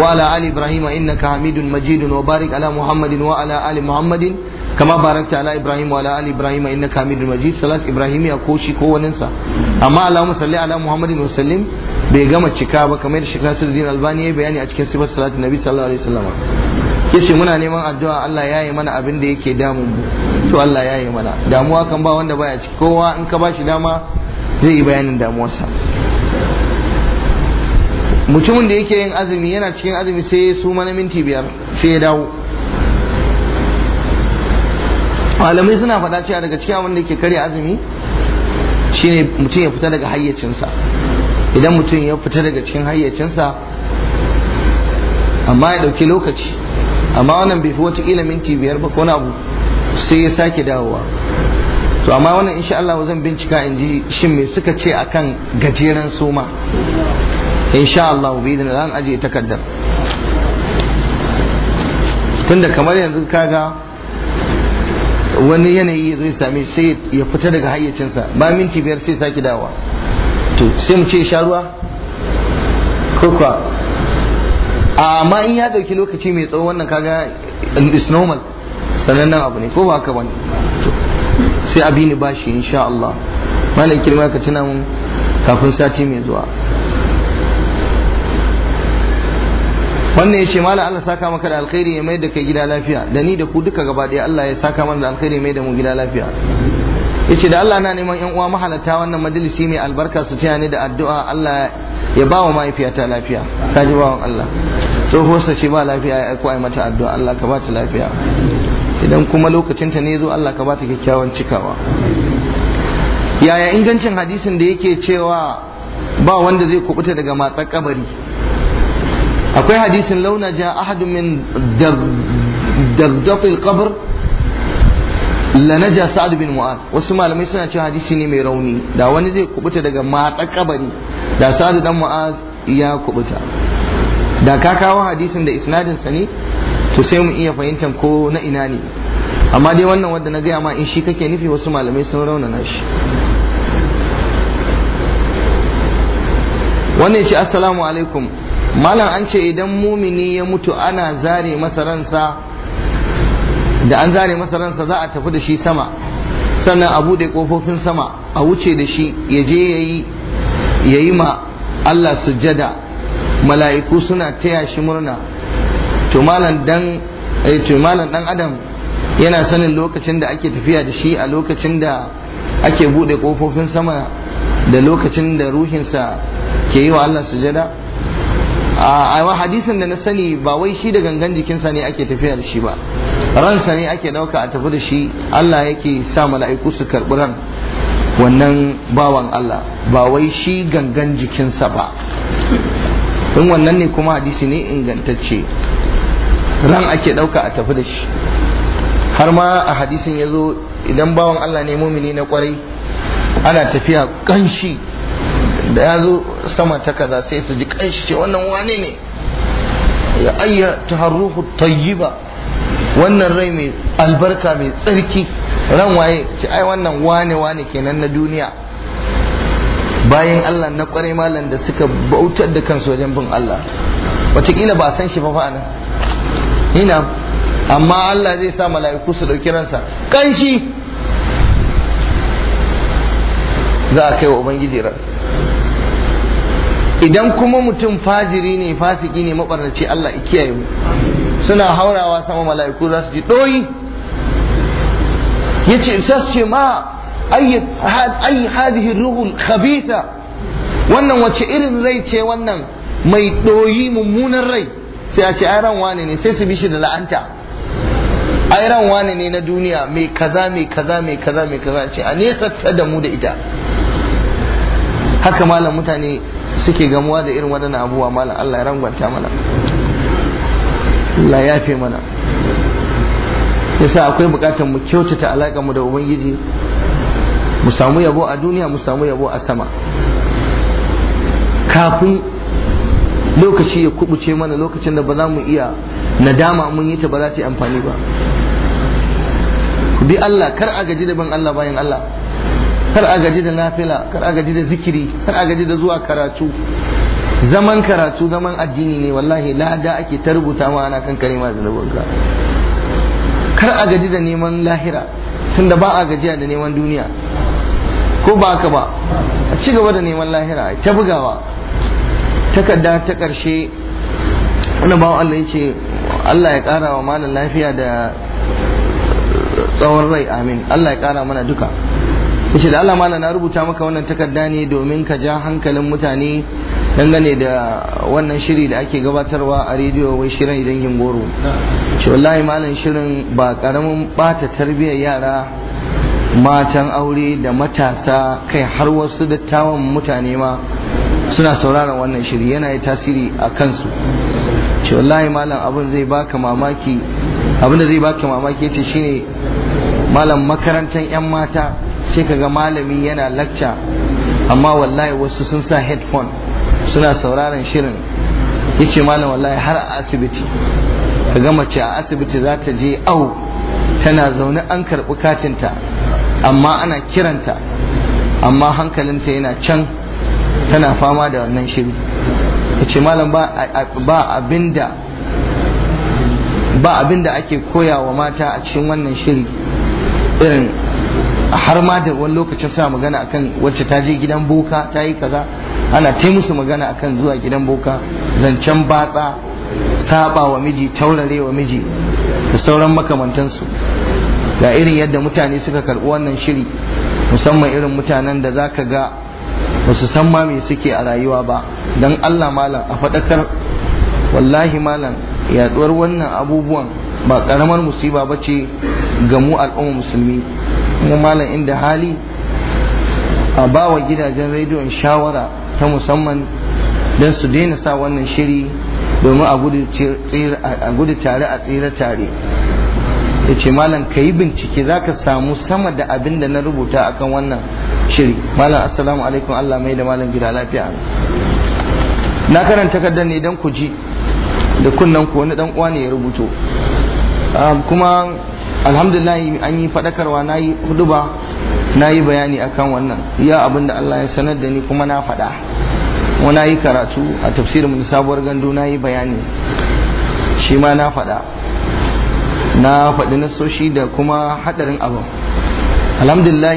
wa ala ali Ibrahim innaka Hamidun Majidun wa barik ala Muhammadin wa ala ali Muhammadin kama barakta ala ibrahim wa ala ali ibrahim innaka hamidul majid salat ibrahim ko shi ko wannan sa. amma allahumma salli ala muhammadin wa sallim bai gama cika ba kamar shi Nasiruddin Albani ya bayani a cikin sifar salatin Nabi sallallahu alaihi wasallam yace muna neman addu'a Allah ya yi mana abin da yake damun mu to Allah ya yi mana damuwa kan ba wanda baya ciki kowa in ka bashi dama zai yi bayanin damuwarsa mutumin da yake yin azumi yana cikin azumi sai ya suma na minti biyar sai ya dawo malamai suna faɗa cewa daga cikin wanda da ke karya azumi shine mutum ya fita daga hayyacinsa idan mutum ya fita daga cikin hayyacinsa amma ya ɗauki lokaci amma wannan bai fi watakila minti biyar ba ko na abu sai ya sake dawowa to amma wannan insha Allah zan bincika in ji shin me suka ce akan gajeren soma insha Allah bi idan zan aje takaddar tunda kamar yanzu kaga wani yanayi zai sami sai ya fita daga hayyacinsa ba minti biyar sai sake dawa to sai mu ce sha ruwa ko amma in ya dauki lokaci mai tsawo wannan kaga is normal sanannen abu ne ko ba haka bane sai abini bashi insha Allah malam kirma ka tuna mun kafin sati mai zuwa wannan yace malam Allah saka maka da alkhairi ya mai da kai gida lafiya da ni da ku duka gaba daya Allah ya saka mana da alkhairi mai da mu gida lafiya yace da Allah na neman yan uwa mahalarta wannan majalisi mai albarka su taya da addu'a Allah ya ba wa mahaifiyata lafiya ta ji bawan Allah sa ce ba lafiya ya aiko ai mata addu'a Allah ka ba ta lafiya idan kuma lokacin ta ne zo Allah ka ba ta kyakkyawan cikawa yaya ingancin hadisin da yake cewa ba wanda zai kubuta daga matsar kabari akwai hadisin launa ja ahadun min dardaqil qabr lanaja sa'adu bin mu'ad wasu malamai suna cewa hadisi ne mai rauni da wani zai kubuta daga matsa kabari da sa'adu dan mu'ad ya kubuta da ka kawo hadisin da isnadin sa ne to sai mu iya fahimtar ko na ina ne amma dai wannan wanda na gaya ma in shi kake nufi wasu malamai sun raunana shi wannan ya ce assalamu alaikum malam an ce idan mumini ya mutu ana zare masaransa da an zare masa za a tafi da shi sama sannan a da kofofin sama a wuce da shi ya je ya yi ma Allah sujjada mala'iku suna taya shi murna eh, to malam dan adam yana sanin lokacin da ake tafiya da shi a lokacin da ake buɗe ƙofofin sama da lokacin da ruhinsa ke yi wa Allah sujada a hadisin da na sani ba wai shi da gangan jikinsa ne ake tafiya da shi ba ransa ne ake dauka a tafi da shi Allah yake sa mala'iku su karɓi ran wannan bawan Allah ba wai shi gangan jikinsa ba in wannan ne kuma hadisi ne ingantacce ran ake dauka a tafi da shi har ma a hadisin ya zo idan bawan Allah ne mumini na kwarai ana tafiya kanshi da ya zo sama ta kaza sai su ji kanshi ce wannan wane ne ya ayya taharruhu tayyiba wannan rai mai albarka mai tsarki ran waye ce ai wannan wane wane kenan na duniya bayan Allah na kwarai malam da suka bautar da kansu wajen bin Allah wataƙila ba a san shi ba fa nan ina amma Allah zai sa mala'iku su ɗauki ransa kanshi za a kai wa ubangiji ran idan kuma mutum fajiri ne fasiki ne mabarnaci Allah ya kiyaye mu suna haurawa sama mala'iku za su ji doyi yace in su ce ma ayi hadihin hadihi ruhul khabitha wannan wace irin rai ce wannan mai doyi mummunan rai sai a ce ai wane ne sai su bi shi da la'anta ai ran wane ne na duniya mai kaza mai kaza mai kaza mai kaza ce a nesa da mu da ita haka malam mutane suke gamuwa da irin waɗannan abubuwa malam Allah ya rangwanta mana Allah ya fi mana yasa akwai bukatar mu kyautata alaƙa mu da ubangiji mu samu yabo a duniya mu samu yabo a sama kafin lokaci ya kubuce mana lokacin da ba za mu iya nadama mun yi ta ba za ta yi amfani ba bi Allah kar a gaji da bin Allah bayan Allah kar a gaji da nafila kar a gaji da zikiri kar a gaji da zuwa karatu zaman karatu zaman addini ne wallahi lada ake ta rubuta ma ana kan kalima da nabanka kar a gaji da neman lahira tunda ba a gajiya da neman duniya ko ba ka ba a ci gaba da neman lahira ta bugawa takarda ta ƙarshe wani bawan Allah ya ce Allah ya ƙara wa malam lafiya da tsawon rai amin Allah ya ƙara mana duka yace da Allah mala na rubuta maka wannan takarda ne domin ka ja hankalin mutane dangane da wannan shiri da ake gabatarwa a rediyo wai shirin yin goro ce wallahi malam shirin ba karamin bata tarbiyyar yara matan aure da matasa kai har wasu dattawan mutane ma suna sauraron wannan shiri yana yi tasiri a kansu ce wallahi malam abin zai baka mamaki abin da zai baka mamaki ce shine malam makarantar yan mata sai ka ga malami yana lacca amma wallahi wasu sun sa headphone suna sauraron shirin yace malam wallahi har a asibiti kaga mace a asibiti za ta je au tana zaune an karɓi katinta amma ana kiranta amma hankalinta yana can tana fama da wannan shiri ce malam ba abinda ba abinda ake koya wa mata a cikin wannan shiri irin har ma da wani lokacin sa magana akan wacce ta je gidan boka ta yi kaza ana ta musu magana akan zuwa gidan boka zancen batsa saba wa miji taurare wa miji da sauran makamantansu ga irin yadda mutane suka karɓi wannan shiri musamman irin mutanen da za ka ga ba su san ma me suke a rayuwa ba don allah malam a faɗakar wallahi malam yaɗuwar wannan abubuwan ba ƙaramar musiba ba ce ga mu al'umma musulmi kuma malam inda hali a ba wa gidajen rediyon shawara ta musamman don su daina sa wannan shiri domin a gudu tare a tsira tare ya ce malam ka yi bincike za ka samu sama da abin da na rubuta akan wannan shiri malam assalamu alaikum allah mai da malam gida lafiya na karanta takardar ne don ku ji da kunnen ku wani dan uwa ne ya rubuto kuma alhamdulillah an yi faɗakarwa na yi huduba na yi bayani akan wannan ya abin Allah ya sanar da ni kuma na faɗa na yi karatu a tafsirin sabuwar gandu na yi bayani shi ma na faɗa na faɗi soshi da kuma haɗarin abu alhamdulillah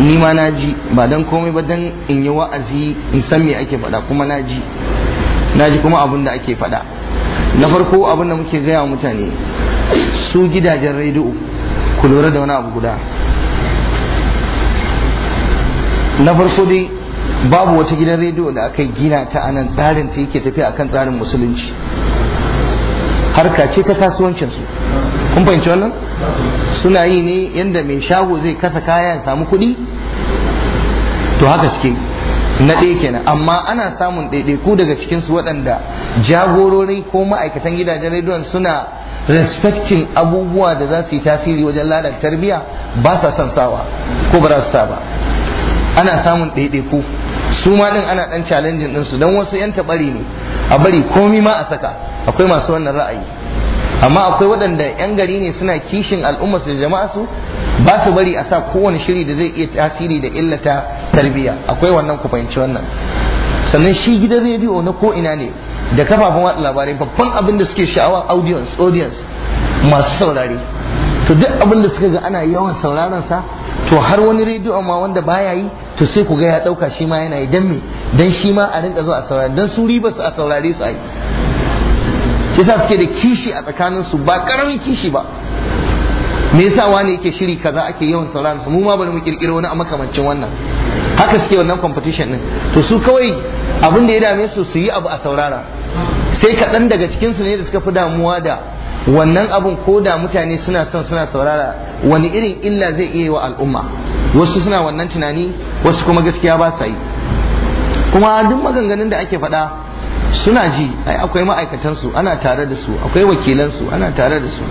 ni ma na ji ba don komai ba dan in yi wa'azi in san me ake faɗa kuma na ji na ji kuma abin da ake faɗa na farko abin da muke gaya mutane su gidajen rediyo ku lura da wani abu guda na farko dai babu wata gidan rediyo da aka gina ta anan tsarin ta yake tafiya akan tsarin musulunci harka ce ta kasuwancinsu kun fahimci wannan suna yi ne yadda mai shago zai kasa kaya samu kuɗi to haka suke na ɗaya kenan amma ana samun ɗaiɗaiku daga cikinsu waɗanda jagorori ko ma'aikatan gidajen rediyon suna respecting abubuwa da za su yi tasiri wajen ladar tarbiyya ba sa son sawa ko ba za su sa ba ana samun ɗaiɗaiku su ma ɗin ana ɗan challenging ɗinsu don wasu 'yan taɓari ne a bari komi ma a saka akwai masu wannan ra'ayi amma akwai waɗanda 'yan gari ne suna kishin al'umma su da jama'a su ba su bari a sa kowane shiri da zai iya tasiri da illata tarbiyya akwai wannan ku fahimci wannan sannan shi gidan rediyo na ko ina ne da kafafen wata labarai babban abin da suke sha'awa audience audience masu saurare to duk abin da suka ga ana yawan sauraron sa to har wani rediyo ma wanda baya yi to sai ku ga ya dauka shi ma yana yi dan me dan shi ma a rinka zuwa a saurare dan su riba su a saurare su ai yasa suke da kishi a tsakanin su ba karamin kishi ba me yasa wani yake shiri kaza ake yawan sauraron su mu ma bari mu kirkiro wani a makamancin wannan haka suke wannan competition din to su kawai abin da ya dame su su yi abu a saurara sai kaɗan daga cikinsu ne da suka fi damuwa da wannan abun ko da mutane suna son suna saurara wani irin illa zai iya yi wa al'umma wasu suna wannan tunani wasu kuma gaskiya ba sa yi kuma duk maganganun da ake faɗa suna ji ai akwai ma'aikatansu ana tare da su akwai wakilansu ana tare da su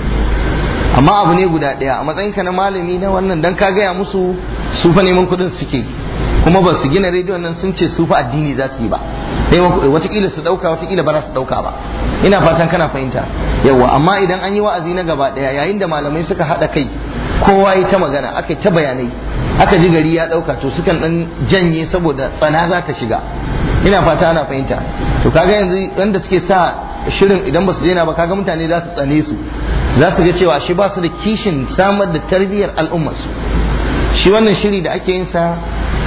amma abu ne guda ɗaya a matsayinka na malami na wannan dan ka gaya musu su fa neman kuɗin suke kuma ba su gina rediyo nan sun ce su fa addini za su yi ba dai watakila su dauka wataƙila ba za su dauka ba ina fatan kana fahimta yawa amma idan an yi wa'azi na gaba daya yayin da malamai suka haɗa kai kowa yi ta magana aka ta bayanai aka ji gari ya dauka to sukan dan janye saboda tsana za ta shiga ina fata ana fahimta to kaga yanzu wanda suke sa shirin idan ba su daina ba kaga mutane za su tsane su za su ga cewa shi ba su da kishin samar da tarbiyyar su. shi wannan shiri da ake yin sa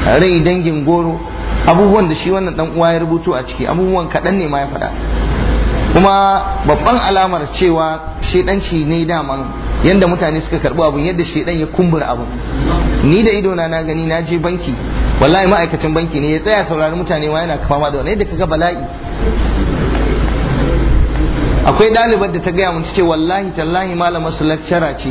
rai dangin goro abubuwan da shi wannan dan uwa ya rubuto a ciki abubuwan kaɗan ne ma ya faɗa kuma babban alamar cewa shedanci ne daman yadda mutane suka karɓi abun yadda shedan ya kumbura abun ni da ido na gani na je banki wallahi ma'aikacin banki ne ya tsaya saurari mutane ma yana ma da wani yadda kaga bala'i akwai ɗalibar da ta gaya mun ce wallahi tallahi malamar su lakcara ce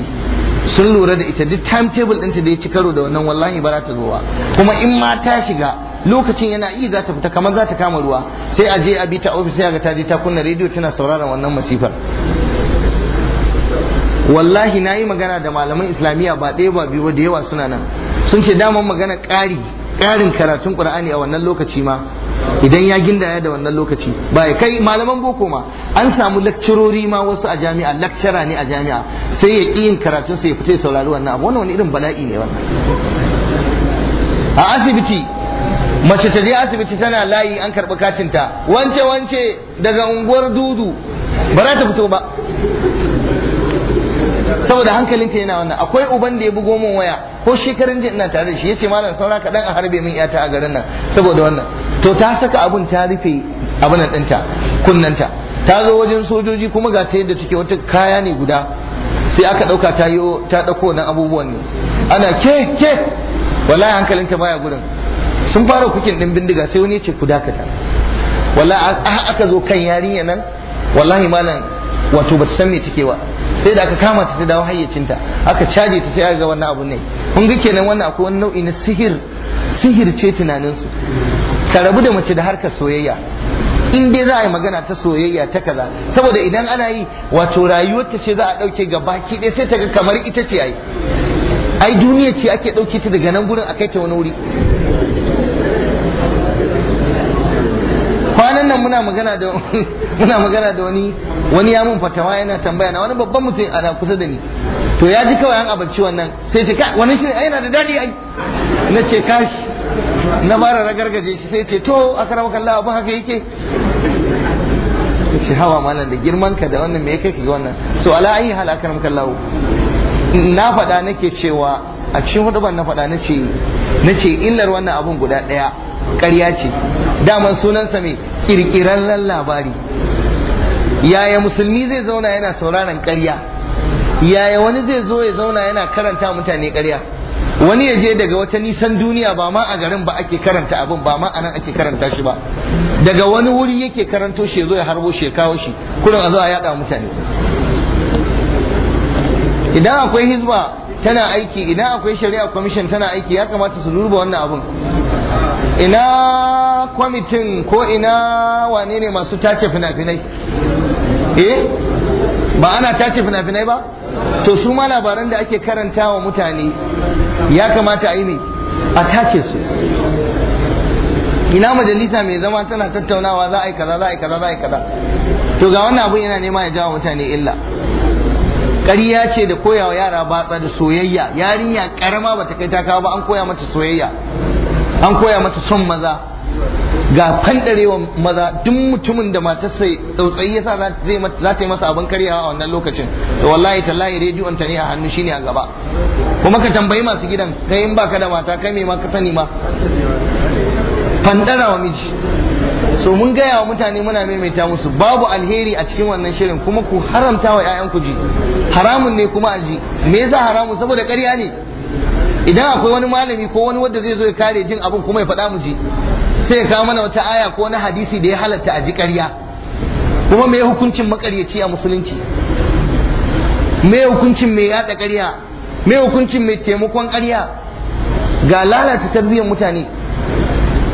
sun lura da ita duk timetable ɗinta da ya ci karo da wannan wallahi ba za ta zo ba kuma in ma ta shiga lokacin yana iya za ta fita kamar za ta kama ruwa sai a je a bi ta ofis sai ga ta je ta kunna rediyo tana sauraron wannan masifar wallahi na yi magana da malaman islamiyya ba ɗaya ba biyu da yawa suna nan sun ce daman magana ƙari ƙarin karatun ƙur'ani a wannan lokaci ma idan ya gindaya da wannan lokaci ba ya kai malaman boko ma an samu lakcirori ma wasu a jami'a lakcara ne a jami'a sai ya ƙi yin karatun sai ya fita ya saurari wannan abu wannan wani irin bala'i ne wannan a asibiti mace ta je asibiti tana layi an karɓi kacinta wance wance daga unguwar dudu ba za ta fito ba saboda hankalin ta yana wannan akwai uban da ya bugo min waya ko shekarun jin ina tare da shi yace malam saura kaɗan a harbe min yata a garin nan saboda wannan to ta saka abun ta rufe abun nan dinta kunnanta ta zo wajen sojoji kuma ga ta yadda take wata kaya ne guda sai aka ɗauka ta yi ta ɗauko nan abubuwan ne ana ke ke wallahi ta baya gurin sun fara kukin din bindiga sai wani ya ce ku dakata wallahi aka zo kan yarinya nan wallahi malam wato ba san me take ba sai da aka kama ta ta dawo hayyacinta aka caje ta sai aka ga wannan abu ne kun ga kenan wannan akwai wani nau'i na sihir sihir ce tunaninsu ka rabu da mace da harkar soyayya in dai za a yi magana ta soyayya ta kaza saboda idan ana yi wato rayuwar ta ce za a dauke ga baki ɗaya sai ta ga kamar ita ce ai ai duniya ce ake dauke ta daga nan gurin a kai ta wani wuri muna magana da muna magana da wani wani ya mun fatawa yana tambaya na wani babban mutum a kusa da ni to ya ji kawai an abarci wannan sai ce wani shi yana da dadi ai na ce kashi na fara ragargaje shi sai ce to akrama kallahu abin haka yake shi hawa malam da girman ka da wannan me kai ga wannan so ala ayi hal akrama kallahu na faɗa nake cewa a cikin hudu na faɗa nace nace illar wannan abun guda ɗaya ƙarya ce daman sunansa mai ƙirƙirarren labari yaya musulmi zai zauna yana sauraron ƙarya yaya wani zai zo ya zauna yana karanta mutane ƙarya wani ya je daga wata nisan duniya ba ma a garin ba ake karanta abin ba ma a nan ake karanta shi ba daga wani wuri yake karanto shi ya zo ya harbo shi ya kawo shi kurin a zo a yaɗa mutane idan akwai hizba tana aiki idan akwai shari'a commission tana aiki ya kamata su duba wannan abun ina kwamitin ko ina wane ne masu tace fina-finai eh ba ana tace fina-finai ba to su ma labaran da ake karanta wa mutane ya kamata a yi ne a tace su ina majalisa mai zama tana tattaunawa za a yi kaza za a yi kaza za a yi kaza to ga wannan abun yana nema ya jawo mutane illa ƙarya ce da koyawa yara batsa da soyayya yarinya ƙarama ba ta kai ta kawo ba an koya mata soyayya an koya mata son maza ga fandarewa maza duk mutumin da matarsa tsautsayi yasa za ta yi masa abin karyawa a wannan lokacin to wallahi tallahi rediyon ta ne a hannu shine a gaba kuma ka tambayi masu gidan kai in baka da mata kai me ma ka sani ma fandara wa miji so mun gaya wa mutane muna maimaita musu babu alheri a cikin wannan shirin kuma ku haramta wa 'ya'yanku ji haramun ne kuma a ji me yasa haramun saboda karya ne idan akwai wani malami ko wani wanda zai zo ya kare jin abin kuma ya faɗa mu ji sai ya kawo mana wata aya ko wani hadisi da ya halatta a ji ƙarya kuma me hukuncin makaryaci a musulunci me hukuncin mai yada ƙarya me hukuncin mai taimakon ƙarya ga lalata tarbiyyar mutane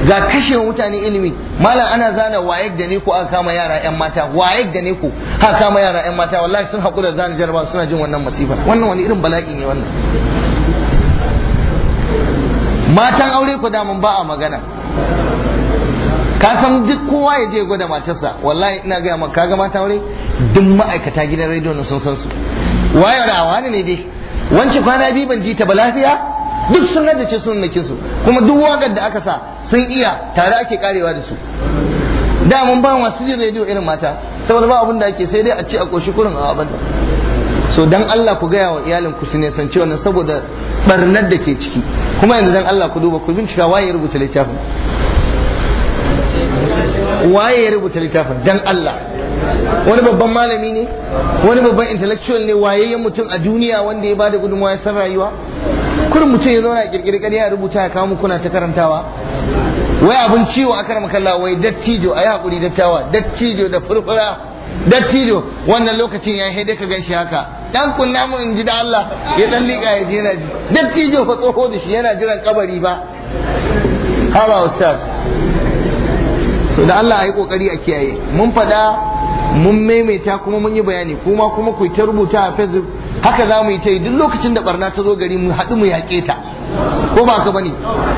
ga kashe mutane ilimi malam ana zana wa da ne ko aka kama yara yan mata wayek da ne ko aka kama yara yan mata wallahi sun haƙura zana jarba suna jin wannan masifa wannan wani irin bala'i ne wannan matan aure ku da mun ba a magana ka san duk kowa ya je gwada matarsa wallahi ina ga maka kaga mata aure duk ma'aikata gidan rediyo na sun san su waye da wani ne dai wancan kwana biyu ban ji ta ba lafiya duk sun ce sun nake su kuma duk wakar da aka sa sun iya tare ake karewa da su da mun ba wasu jin rediyo irin mata saboda ba abin da ake sai dai a ci a koshi kurin a abin so dan Allah ku gaya wa iyalin ku su ne san cewa saboda barnar da ke ciki kuma yanzu zan Allah ku duba ku bincika waye ya rubuta littafin waye ya rubuta littafin dan Allah wani babban malami ne wani babban intellectual ne ya mutum a duniya wanda ya bada gudunmawa ya san rayuwa kurin mutum ya zauna a kirkiri ƙarya ya rubuta ya kawo kuna ta karantawa wai abin ciwo a karamakalla wai dattijo a yi haƙuri dattawa dattijo da furfura dattijo wannan lokacin ya haide ka gan shi haka dan kunna mu in ji da Allah ya dan lika ya je yana ji dattijo fa tsoho da shi yana jiran kabari ba haba ustaz so da Allah ayi kokari a kiyaye mun fada mun maimaita kuma mun yi bayani kuma kuma ku ta rubuta a Facebook haka za mu yi ta yi duk lokacin da barna ta zo gari mu haɗu mu yaƙe ta ko ba ka bane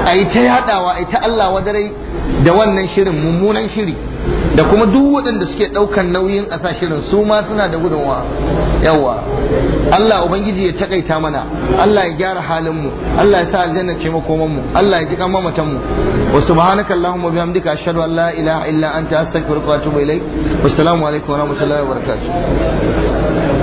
a yi ta yaɗawa a yi ta Allah wadarai da wannan shirin mummunan shiri da kuma duk waɗanda suke ɗaukan nauyin a shirin su ma suna da gudunwa yawa Allah ubangiji ya takaita mana Allah ya gyara halinmu. Allah ya sa aljanna ce makomanmu Allah ya ji kan mamatan mu wa subhanaka allahumma bihamdika ashhadu an la ilaha illa anta astaghfiruka wa atubu ilaik alaikum wa rahmatullahi wa barakatuh